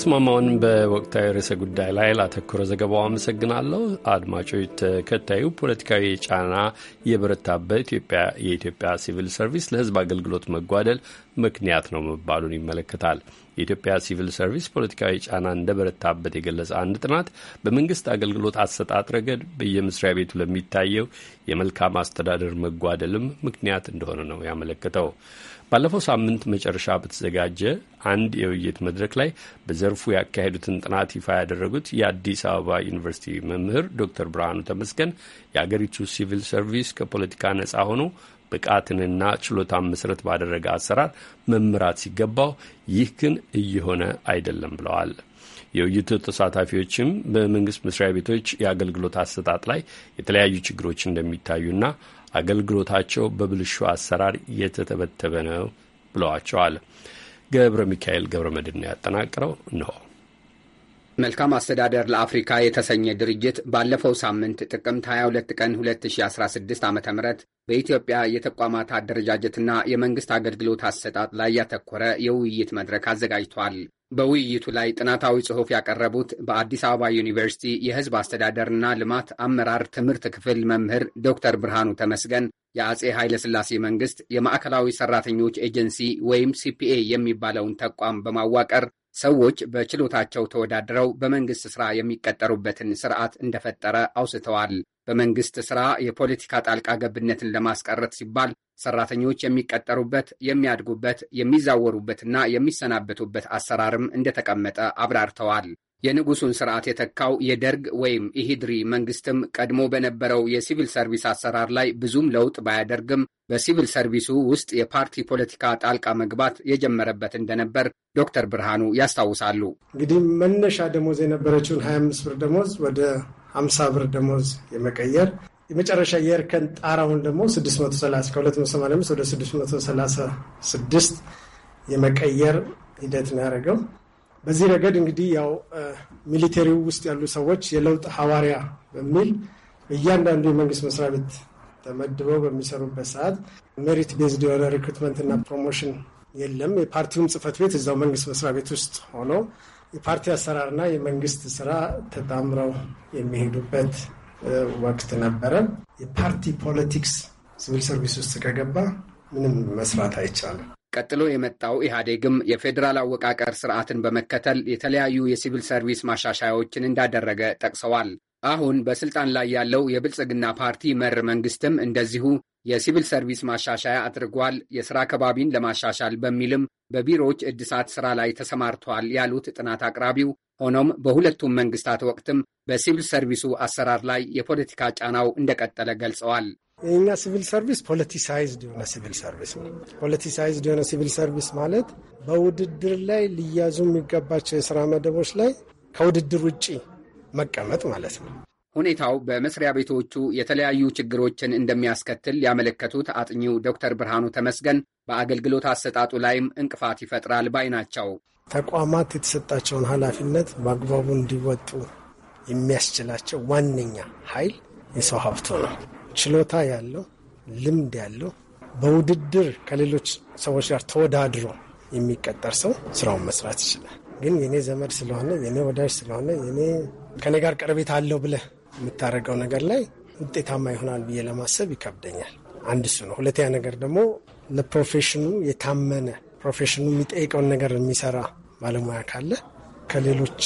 እስማማውን በወቅታዊ ርዕሰ ጉዳይ ላይ ላተኮረ ዘገባው አመሰግናለሁ። አድማጮች፣ ተከታዩ ፖለቲካዊ ጫና የበረታበት ኢትዮጵያ የኢትዮጵያ ሲቪል ሰርቪስ ለሕዝብ አገልግሎት መጓደል ምክንያት ነው መባሉን ይመለከታል። የኢትዮጵያ ሲቪል ሰርቪስ ፖለቲካዊ ጫና እንደበረታበት የገለጸ አንድ ጥናት በመንግስት አገልግሎት አሰጣጥ ረገድ በየመስሪያ ቤቱ ለሚታየው የመልካም አስተዳደር መጓደልም ምክንያት እንደሆነ ነው ያመለከተው። ባለፈው ሳምንት መጨረሻ በተዘጋጀ አንድ የውይይት መድረክ ላይ በዘርፉ ያካሄዱትን ጥናት ይፋ ያደረጉት የአዲስ አበባ ዩኒቨርሲቲ መምህር ዶክተር ብርሃኑ ተመስገን የአገሪቱ ሲቪል ሰርቪስ ከፖለቲካ ነጻ ሆኖ ብቃትንና ችሎታን መሰረት ባደረገ አሰራር መምራት ሲገባው ይህ ግን እየሆነ አይደለም ብለዋል። የውይይቱ ተሳታፊዎችም በመንግስት መስሪያ ቤቶች የአገልግሎት አሰጣጥ ላይ የተለያዩ ችግሮች እንደሚታዩና አገልግሎታቸው በብልሹ አሰራር የተተበተበ ነው ብለዋቸዋል። ገብረ ሚካኤል ገብረ መድን ያጠናቅረው ነው። መልካም አስተዳደር ለአፍሪካ የተሰኘ ድርጅት ባለፈው ሳምንት ጥቅምት 22 ቀን 2016 ዓ ም በኢትዮጵያ የተቋማት አደረጃጀትና የመንግስት አገልግሎት አሰጣጥ ላይ ያተኮረ የውይይት መድረክ አዘጋጅቷል። በውይይቱ ላይ ጥናታዊ ጽሑፍ ያቀረቡት በአዲስ አበባ ዩኒቨርሲቲ የሕዝብ አስተዳደርና ልማት አመራር ትምህርት ክፍል መምህር ዶክተር ብርሃኑ ተመስገን የአጼ ኃይለሥላሴ መንግስት የማዕከላዊ ሰራተኞች ኤጀንሲ ወይም ሲፒኤ የሚባለውን ተቋም በማዋቀር ሰዎች በችሎታቸው ተወዳድረው በመንግሥት ሥራ የሚቀጠሩበትን ሥርዓት እንደፈጠረ አውስተዋል። በመንግሥት ሥራ የፖለቲካ ጣልቃ ገብነትን ለማስቀረት ሲባል ሠራተኞች የሚቀጠሩበት፣ የሚያድጉበት፣ የሚዛወሩበትና የሚሰናበቱበት አሰራርም እንደተቀመጠ አብራርተዋል። የንጉሱን ስርዓት የተካው የደርግ ወይም ኢሂድሪ መንግስትም ቀድሞ በነበረው የሲቪል ሰርቪስ አሰራር ላይ ብዙም ለውጥ ባያደርግም በሲቪል ሰርቪሱ ውስጥ የፓርቲ ፖለቲካ ጣልቃ መግባት የጀመረበት እንደነበር ዶክተር ብርሃኑ ያስታውሳሉ። እንግዲህ መነሻ ደሞዝ የነበረችውን 25 ብር ደሞዝ ወደ 50 ብር ደሞዝ የመቀየር የመጨረሻ የእርከን ጣራውን ደግሞ 630 ከ285 ወደ 636 የመቀየር ሂደት ነው ያደረገው። በዚህ ረገድ እንግዲህ ያው ሚሊቴሪው ውስጥ ያሉ ሰዎች የለውጥ ሐዋርያ በሚል በእያንዳንዱ የመንግስት መስሪያ ቤት ተመድበው በሚሰሩበት ሰዓት ሜሪት ቤዝድ የሆነ ሪክሩትመንትና ፕሮሞሽን የለም። የፓርቲውም ጽህፈት ቤት እዛው መንግስት መስሪያ ቤት ውስጥ ሆኖ የፓርቲ አሰራርና የመንግስት ስራ ተጣምረው የሚሄዱበት ወቅት ነበረ። የፓርቲ ፖለቲክስ ሲቪል ሰርቪስ ውስጥ ከገባ ምንም መስራት አይቻልም። ቀጥሎ የመጣው ኢህአዴግም የፌዴራል አወቃቀር ስርዓትን በመከተል የተለያዩ የሲቪል ሰርቪስ ማሻሻያዎችን እንዳደረገ ጠቅሰዋል። አሁን በስልጣን ላይ ያለው የብልጽግና ፓርቲ መር መንግስትም እንደዚሁ የሲቪል ሰርቪስ ማሻሻያ አድርጓል። የሥራ ከባቢን ለማሻሻል በሚልም በቢሮዎች እድሳት ሥራ ላይ ተሰማርቷል ያሉት ጥናት አቅራቢው፣ ሆኖም በሁለቱም መንግስታት ወቅትም በሲቪል ሰርቪሱ አሰራር ላይ የፖለቲካ ጫናው እንደቀጠለ ገልጸዋል። የእኛ ሲቪል ሰርቪስ ፖለቲሳይዝድ የሆነ ሲቪል ሰርቪስ ነው። ፖለቲሳይዝድ የሆነ ሲቪል ሰርቪስ ማለት በውድድር ላይ ሊያዙ የሚገባቸው የስራ መደቦች ላይ ከውድድር ውጪ መቀመጥ ማለት ነው። ሁኔታው በመስሪያ ቤቶቹ የተለያዩ ችግሮችን እንደሚያስከትል ያመለከቱት አጥኚው ዶክተር ብርሃኑ ተመስገን በአገልግሎት አሰጣጡ ላይም እንቅፋት ይፈጥራል ባይ ናቸው። ተቋማት የተሰጣቸውን ኃላፊነት በአግባቡ እንዲወጡ የሚያስችላቸው ዋነኛ ኃይል የሰው ሀብቱ ነው። ችሎታ ያለው ልምድ ያለው በውድድር ከሌሎች ሰዎች ጋር ተወዳድሮ የሚቀጠር ሰው ስራውን መስራት ይችላል። ግን የኔ ዘመድ ስለሆነ የኔ ወዳጅ ስለሆነ የኔ ከኔ ጋር ቀረቤት አለው ብለህ የምታደርገው ነገር ላይ ውጤታማ ይሆናል ብዬ ለማሰብ ይከብደኛል። አንድ እሱ ነው። ሁለተኛ ነገር ደግሞ ለፕሮፌሽኑ የታመነ ፕሮፌሽኑ የሚጠይቀውን ነገር የሚሰራ ባለሙያ ካለ ከሌሎች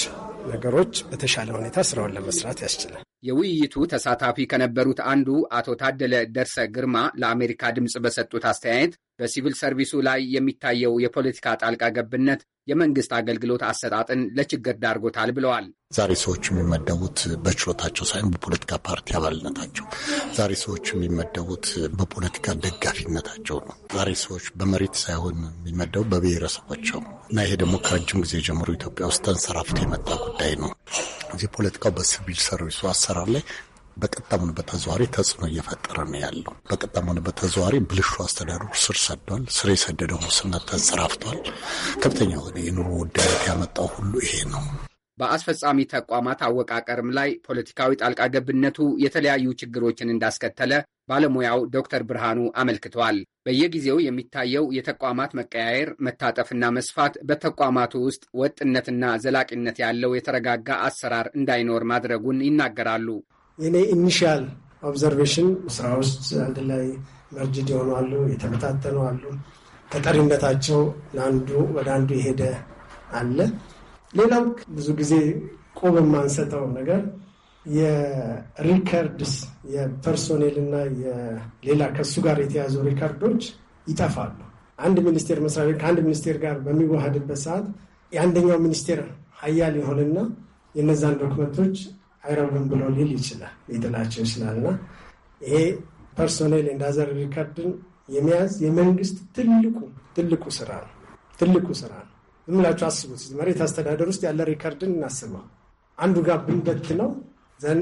ነገሮች በተሻለ ሁኔታ ስራውን ለመስራት ያስችላል። የውይይቱ ተሳታፊ ከነበሩት አንዱ አቶ ታደለ ደርሰ ግርማ ለአሜሪካ ድምፅ በሰጡት አስተያየት በሲቪል ሰርቪሱ ላይ የሚታየው የፖለቲካ ጣልቃ ገብነት የመንግስት አገልግሎት አሰጣጥን ለችግር ዳርጎታል ብለዋል። ዛሬ ሰዎች የሚመደቡት በችሎታቸው ሳይሆን በፖለቲካ ፓርቲ አባልነታቸው፣ ዛሬ ሰዎች የሚመደቡት በፖለቲካ ደጋፊነታቸው ነው። ዛሬ ሰዎች በመሬት ሳይሆን የሚመደቡ በብሔረሰባቸው እና ይሄ ደግሞ ከረጅም ጊዜ ጀምሮ ኢትዮጵያ ውስጥ ተንሰራፍቶ የመጣ ጉዳይ ነው። ጊዜ ፖለቲካው በሲቪል ሰርቪሱ አሰራር ላይ በቀጥታም ሆነ በተዘዋዋሪ ተጽዕኖ እየፈጠረ ነው ያለው። በቀጥታም ሆነ በተዘዋዋሪ ብልሹ አስተዳደሩ ስር ሰዷል። ስር የሰደደው ሙስና ተንሰራፍቷል። ከፍተኛ የኑሮ ውድነት ያመጣው ሁሉ ይሄ ነው። በአስፈጻሚ ተቋማት አወቃቀርም ላይ ፖለቲካዊ ጣልቃ ገብነቱ የተለያዩ ችግሮችን እንዳስከተለ ባለሙያው ዶክተር ብርሃኑ አመልክቷል። በየጊዜው የሚታየው የተቋማት መቀያየር፣ መታጠፍና መስፋት በተቋማቱ ውስጥ ወጥነትና ዘላቂነት ያለው የተረጋጋ አሰራር እንዳይኖር ማድረጉን ይናገራሉ። የኔ ኢኒሽያል ኦብዘርቬሽን ስራ ውስጥ አንድ ላይ መርጅድ የሆኑ አሉ፣ የተበታተኑ አሉ፣ ተጠሪነታቸው ለአንዱ ወደ አንዱ የሄደ አለ ሌላው ብዙ ጊዜ ቆብ የማንሰጠው ነገር የሪከርድስ የፐርሶኔል እና የሌላ ከሱ ጋር የተያዙ ሪከርዶች ይጠፋሉ። አንድ ሚኒስቴር መስሪያ ቤት ከአንድ ሚኒስቴር ጋር በሚዋሃድበት ሰዓት የአንደኛው ሚኒስቴር ሀያል ይሆንና የነዛን ዶክመንቶች አይረብም ብሎ ሊል ይችላል፣ ሊጥላቸው ይችላል እና ይሄ ፐርሶኔል እንዳዘር ሪከርድን የመያዝ የመንግስት ትልቁ ትልቁ ስራ ነው። ትልቁ ስራ ነው። ዝም አስቡት። መሬት አስተዳደር ውስጥ ያለ ሪከርድን እናስበው። አንዱ ጋር ብንበት ነው ዘን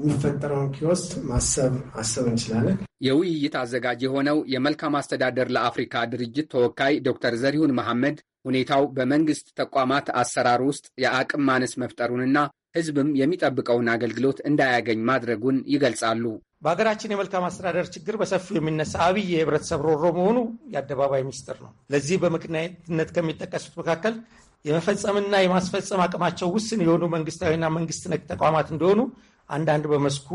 የሚፈጠረውን ኪዮስ ማሰብ ማሰብ እንችላለን። የውይይት አዘጋጅ የሆነው የመልካም አስተዳደር ለአፍሪካ ድርጅት ተወካይ ዶክተር ዘሪሁን መሐመድ ሁኔታው በመንግስት ተቋማት አሰራር ውስጥ የአቅም ማነስ መፍጠሩንና ህዝብም የሚጠብቀውን አገልግሎት እንዳያገኝ ማድረጉን ይገልጻሉ። በሀገራችን የመልካም አስተዳደር ችግር በሰፊው የሚነሳ አብይ የህብረተሰብ ሮሮ መሆኑ የአደባባይ ሚስጥር ነው። ለዚህ በምክንያትነት ከሚጠቀሱት መካከል የመፈጸምና የማስፈጸም አቅማቸው ውስን የሆኑ መንግስታዊና መንግስት ነክ ተቋማት እንደሆኑ አንዳንድ በመስኩ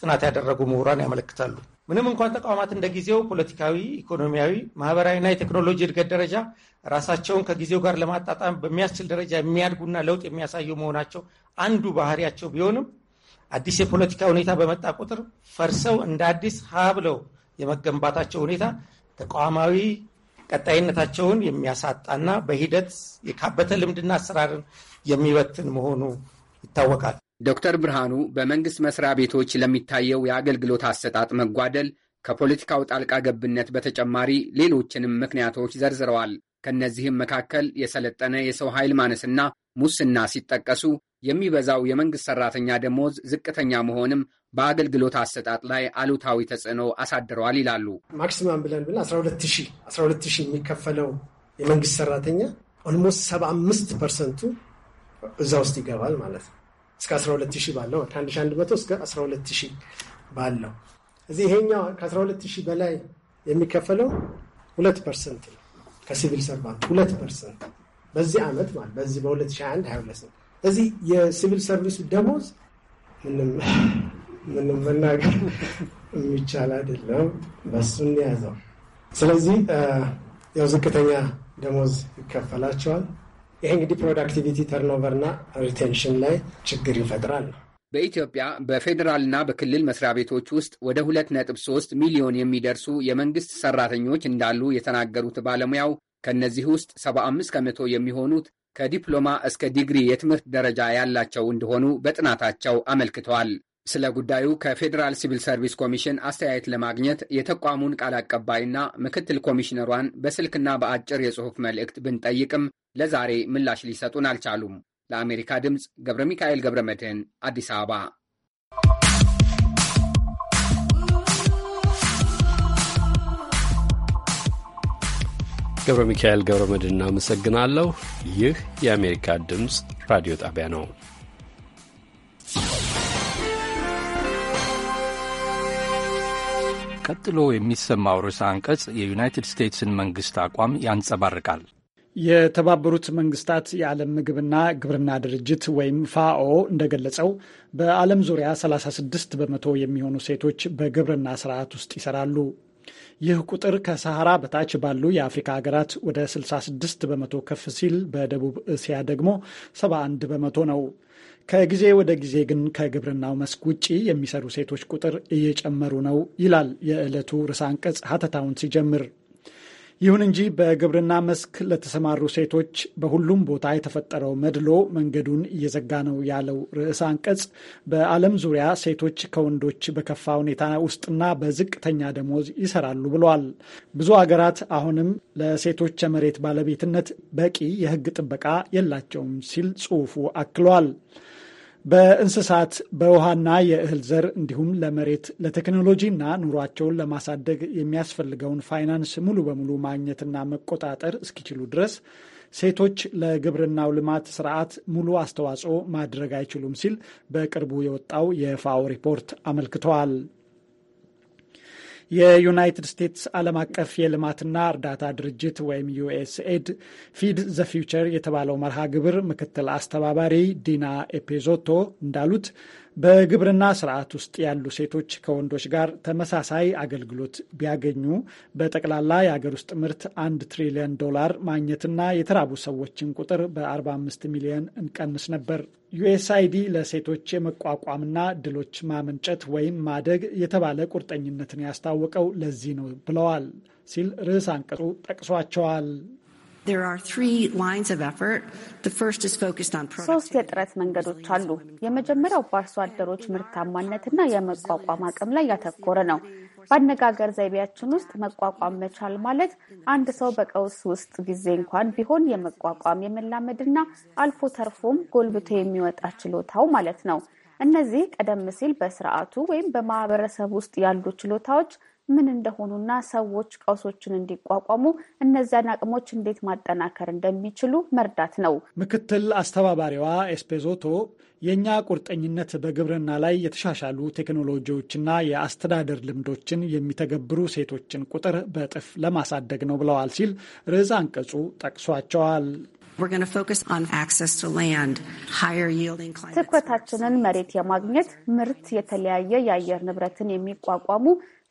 ጥናት ያደረጉ ምሁራን ያመለክታሉ። ምንም እንኳን ተቋማት እንደ ጊዜው ፖለቲካዊ፣ ኢኮኖሚያዊ፣ ማህበራዊና የቴክኖሎጂ እድገት ደረጃ ራሳቸውን ከጊዜው ጋር ለማጣጣም በሚያስችል ደረጃ የሚያድጉና ለውጥ የሚያሳዩ መሆናቸው አንዱ ባህሪያቸው ቢሆንም አዲስ የፖለቲካ ሁኔታ በመጣ ቁጥር ፈርሰው እንደ አዲስ ሀ ብለው የመገንባታቸው ሁኔታ ተቋማዊ ቀጣይነታቸውን የሚያሳጣና በሂደት የካበተ ልምድና አሰራርን የሚበትን መሆኑ ይታወቃል። ዶክተር ብርሃኑ በመንግሥት መስሪያ ቤቶች ለሚታየው የአገልግሎት አሰጣጥ መጓደል ከፖለቲካው ጣልቃ ገብነት በተጨማሪ ሌሎችንም ምክንያቶች ዘርዝረዋል። ከእነዚህም መካከል የሰለጠነ የሰው ኃይል ማነስና ሙስና ሲጠቀሱ የሚበዛው የመንግሥት ሠራተኛ ደሞዝ ዝቅተኛ መሆንም በአገልግሎት አሰጣጥ ላይ አሉታዊ ተጽዕኖ አሳድረዋል ይላሉ። ማክሲማም ብለን ብለን 12 ሺህ የሚከፈለው የመንግሥት ሠራተኛ ኦልሞስት 75 ፐርሰንቱ እዛ ውስጥ ይገባል ማለት ነው። እስከ 12000 ባለው ከ1100 እስከ 12000 ባለው እዚህ ይሄኛው ከ12000 በላይ የሚከፈለው ሁለት ፐርሰንት ነው ከሲቪል ሰርቫንት ሁለት ፐርሰንት በዚህ ዓመት ማለት በዚህ በ2021 22 ነው። እዚህ የሲቪል ሰርቪሱ ደሞዝ ምንም መናገር የሚቻል አይደለም። በሱን ያዘው። ስለዚህ ያው ዝቅተኛ ደሞዝ ይከፈላቸዋል። ይህ እንግዲህ ፕሮዳክቲቪቲ ተርኖቨር ሪቴንሽን ላይ ችግር ይፈጥራል። በኢትዮጵያ በፌዴራልና በክልል መስሪያ ቤቶች ውስጥ ወደ 2.3 ሚሊዮን የሚደርሱ የመንግስት ሰራተኞች እንዳሉ የተናገሩት ባለሙያው ከእነዚህ ውስጥ 75 ከመቶ የሚሆኑት ከዲፕሎማ እስከ ዲግሪ የትምህርት ደረጃ ያላቸው እንደሆኑ በጥናታቸው አመልክተዋል። ስለ ጉዳዩ ከፌዴራል ሲቪል ሰርቪስ ኮሚሽን አስተያየት ለማግኘት የተቋሙን ቃል አቀባይና ምክትል ኮሚሽነሯን በስልክና በአጭር የጽሑፍ መልእክት ብንጠይቅም ለዛሬ ምላሽ ሊሰጡን አልቻሉም። ለአሜሪካ ድምፅ ገብረ ሚካኤል ገብረ መድህን አዲስ አበባ። ገብረ ሚካኤል ገብረ መድህን እናመሰግናለሁ። ይህ የአሜሪካ ድምፅ ራዲዮ ጣቢያ ነው። ቀጥሎ የሚሰማው ርዕሰ አንቀጽ የዩናይትድ ስቴትስን መንግስት አቋም ያንጸባርቃል። የተባበሩት መንግስታት የዓለም ምግብና ግብርና ድርጅት ወይም ፋኦ እንደገለጸው በዓለም ዙሪያ 36 በመቶ የሚሆኑ ሴቶች በግብርና ስርዓት ውስጥ ይሰራሉ። ይህ ቁጥር ከሰሐራ በታች ባሉ የአፍሪካ ሀገራት ወደ 66 በመቶ ከፍ ሲል፣ በደቡብ እስያ ደግሞ 71 በመቶ ነው። ከጊዜ ወደ ጊዜ ግን ከግብርናው መስክ ውጪ የሚሰሩ ሴቶች ቁጥር እየጨመሩ ነው ይላል የዕለቱ ርዕሰ አንቀጽ ሀተታውን ሲጀምር። ይሁን እንጂ በግብርና መስክ ለተሰማሩ ሴቶች በሁሉም ቦታ የተፈጠረው መድሎ መንገዱን እየዘጋ ነው ያለው ርዕሰ አንቀጽ በዓለም ዙሪያ ሴቶች ከወንዶች በከፋ ሁኔታ ውስጥና በዝቅተኛ ደሞዝ ይሰራሉ ብሏል። ብዙ አገራት አሁንም ለሴቶች የመሬት ባለቤትነት በቂ የሕግ ጥበቃ የላቸውም ሲል ጽሑፉ አክሏል። በእንስሳት በውሃና የእህል ዘር እንዲሁም ለመሬት ለቴክኖሎጂና ኑሯቸውን ለማሳደግ የሚያስፈልገውን ፋይናንስ ሙሉ በሙሉ ማግኘትና መቆጣጠር እስኪችሉ ድረስ ሴቶች ለግብርናው ልማት ስርዓት ሙሉ አስተዋጽኦ ማድረግ አይችሉም ሲል በቅርቡ የወጣው የፋኦ ሪፖርት አመልክተዋል። የዩናይትድ ስቴትስ ዓለም አቀፍ የልማትና እርዳታ ድርጅት ወይም ዩኤስኤድ ፊድ ዘ ፊውቸር የተባለው መርሃ ግብር ምክትል አስተባባሪ ዲና ኤፔዞቶ እንዳሉት በግብርና ስርዓት ውስጥ ያሉ ሴቶች ከወንዶች ጋር ተመሳሳይ አገልግሎት ቢያገኙ በጠቅላላ የአገር ውስጥ ምርት አንድ ትሪሊዮን ዶላር ማግኘትና የተራቡ ሰዎችን ቁጥር በ45 ሚሊዮን እንቀንስ ነበር። ዩኤስአይዲ ለሴቶች የመቋቋምና ድሎች ማመንጨት ወይም ማደግ የተባለ ቁርጠኝነትን ያስታወቀው ለዚህ ነው ብለዋል ሲል ርዕስ አንቀጹ ጠቅሷቸዋል። ሶስት የጥረት መንገዶች አሉ። የመጀመሪያው በአርሶ አደሮች ምርታማነትና የመቋቋም አቅም ላይ ያተኮረ ነው። በአነጋገር ዘይቤያችን ውስጥ መቋቋም መቻል ማለት አንድ ሰው በቀውስ ውስጥ ጊዜ እንኳን ቢሆን የመቋቋም የመላመድና አልፎ ተርፎም ጎልብቶ የሚወጣ ችሎታው ማለት ነው። እነዚህ ቀደም ሲል በስርዓቱ ወይም በማህበረሰብ ውስጥ ያሉ ችሎታዎች ምን እንደሆኑና ሰዎች ቀውሶችን እንዲቋቋሙ እነዚያን አቅሞች እንዴት ማጠናከር እንደሚችሉ መርዳት ነው። ምክትል አስተባባሪዋ ኤስፔዞቶ የእኛ ቁርጠኝነት በግብርና ላይ የተሻሻሉ ቴክኖሎጂዎችና የአስተዳደር ልምዶችን የሚተገብሩ ሴቶችን ቁጥር በእጥፍ ለማሳደግ ነው ብለዋል ሲል ርዕዝ አንቀጹ ጠቅሷቸዋል። ትኩረታችንን መሬት የማግኘት ምርት፣ የተለያየ የአየር ንብረትን የሚቋቋሙ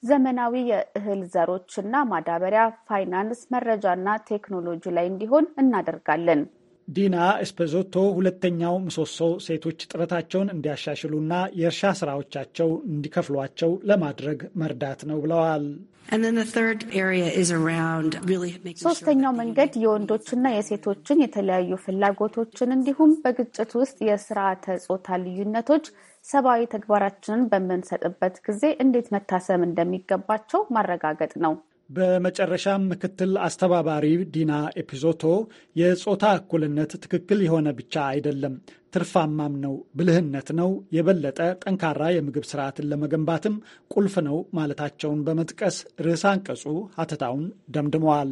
ዘመናዊ የእህል ዘሮችና ማዳበሪያ፣ ፋይናንስ፣ መረጃና ቴክኖሎጂ ላይ እንዲሆን እናደርጋለን። ዲና ኤስፐዞቶ ሁለተኛው ምሰሶ ሴቶች ጥረታቸውን እንዲያሻሽሉና የእርሻ ስራዎቻቸው እንዲከፍሏቸው ለማድረግ መርዳት ነው ብለዋል። ሶስተኛው መንገድ የወንዶችና የሴቶችን የተለያዩ ፍላጎቶችን እንዲሁም በግጭት ውስጥ የስርዓተ ጾታ ልዩነቶች ሰብአዊ ተግባራችንን በምንሰጥበት ጊዜ እንዴት መታሰብ እንደሚገባቸው ማረጋገጥ ነው። በመጨረሻም ምክትል አስተባባሪ ዲና ኤፒዞቶ የጾታ እኩልነት ትክክል የሆነ ብቻ አይደለም፣ ትርፋማም ነው፣ ብልህነት ነው፣ የበለጠ ጠንካራ የምግብ ስርዓትን ለመገንባትም ቁልፍ ነው ማለታቸውን በመጥቀስ ርዕሰ አንቀጹ ሀተታውን ደምድመዋል።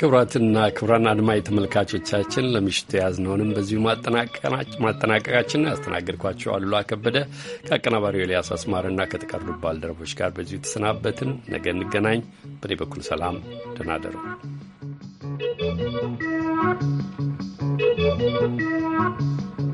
ክቡራትና ክቡራን አድማጭ ተመልካቾቻችን ለምሽቱ የያዝነውንም በዚሁ ማጠናቀቃችን ያስተናገድኳቸው አሉላ ከበደ ከአቀናባሪው ኤልያስ አስማርና ከተቀሩ ባልደረቦች ጋር በዚሁ ተሰናበትን። ነገ እንገናኝ። በእኔ በኩል ሰላም፣ ደህና you.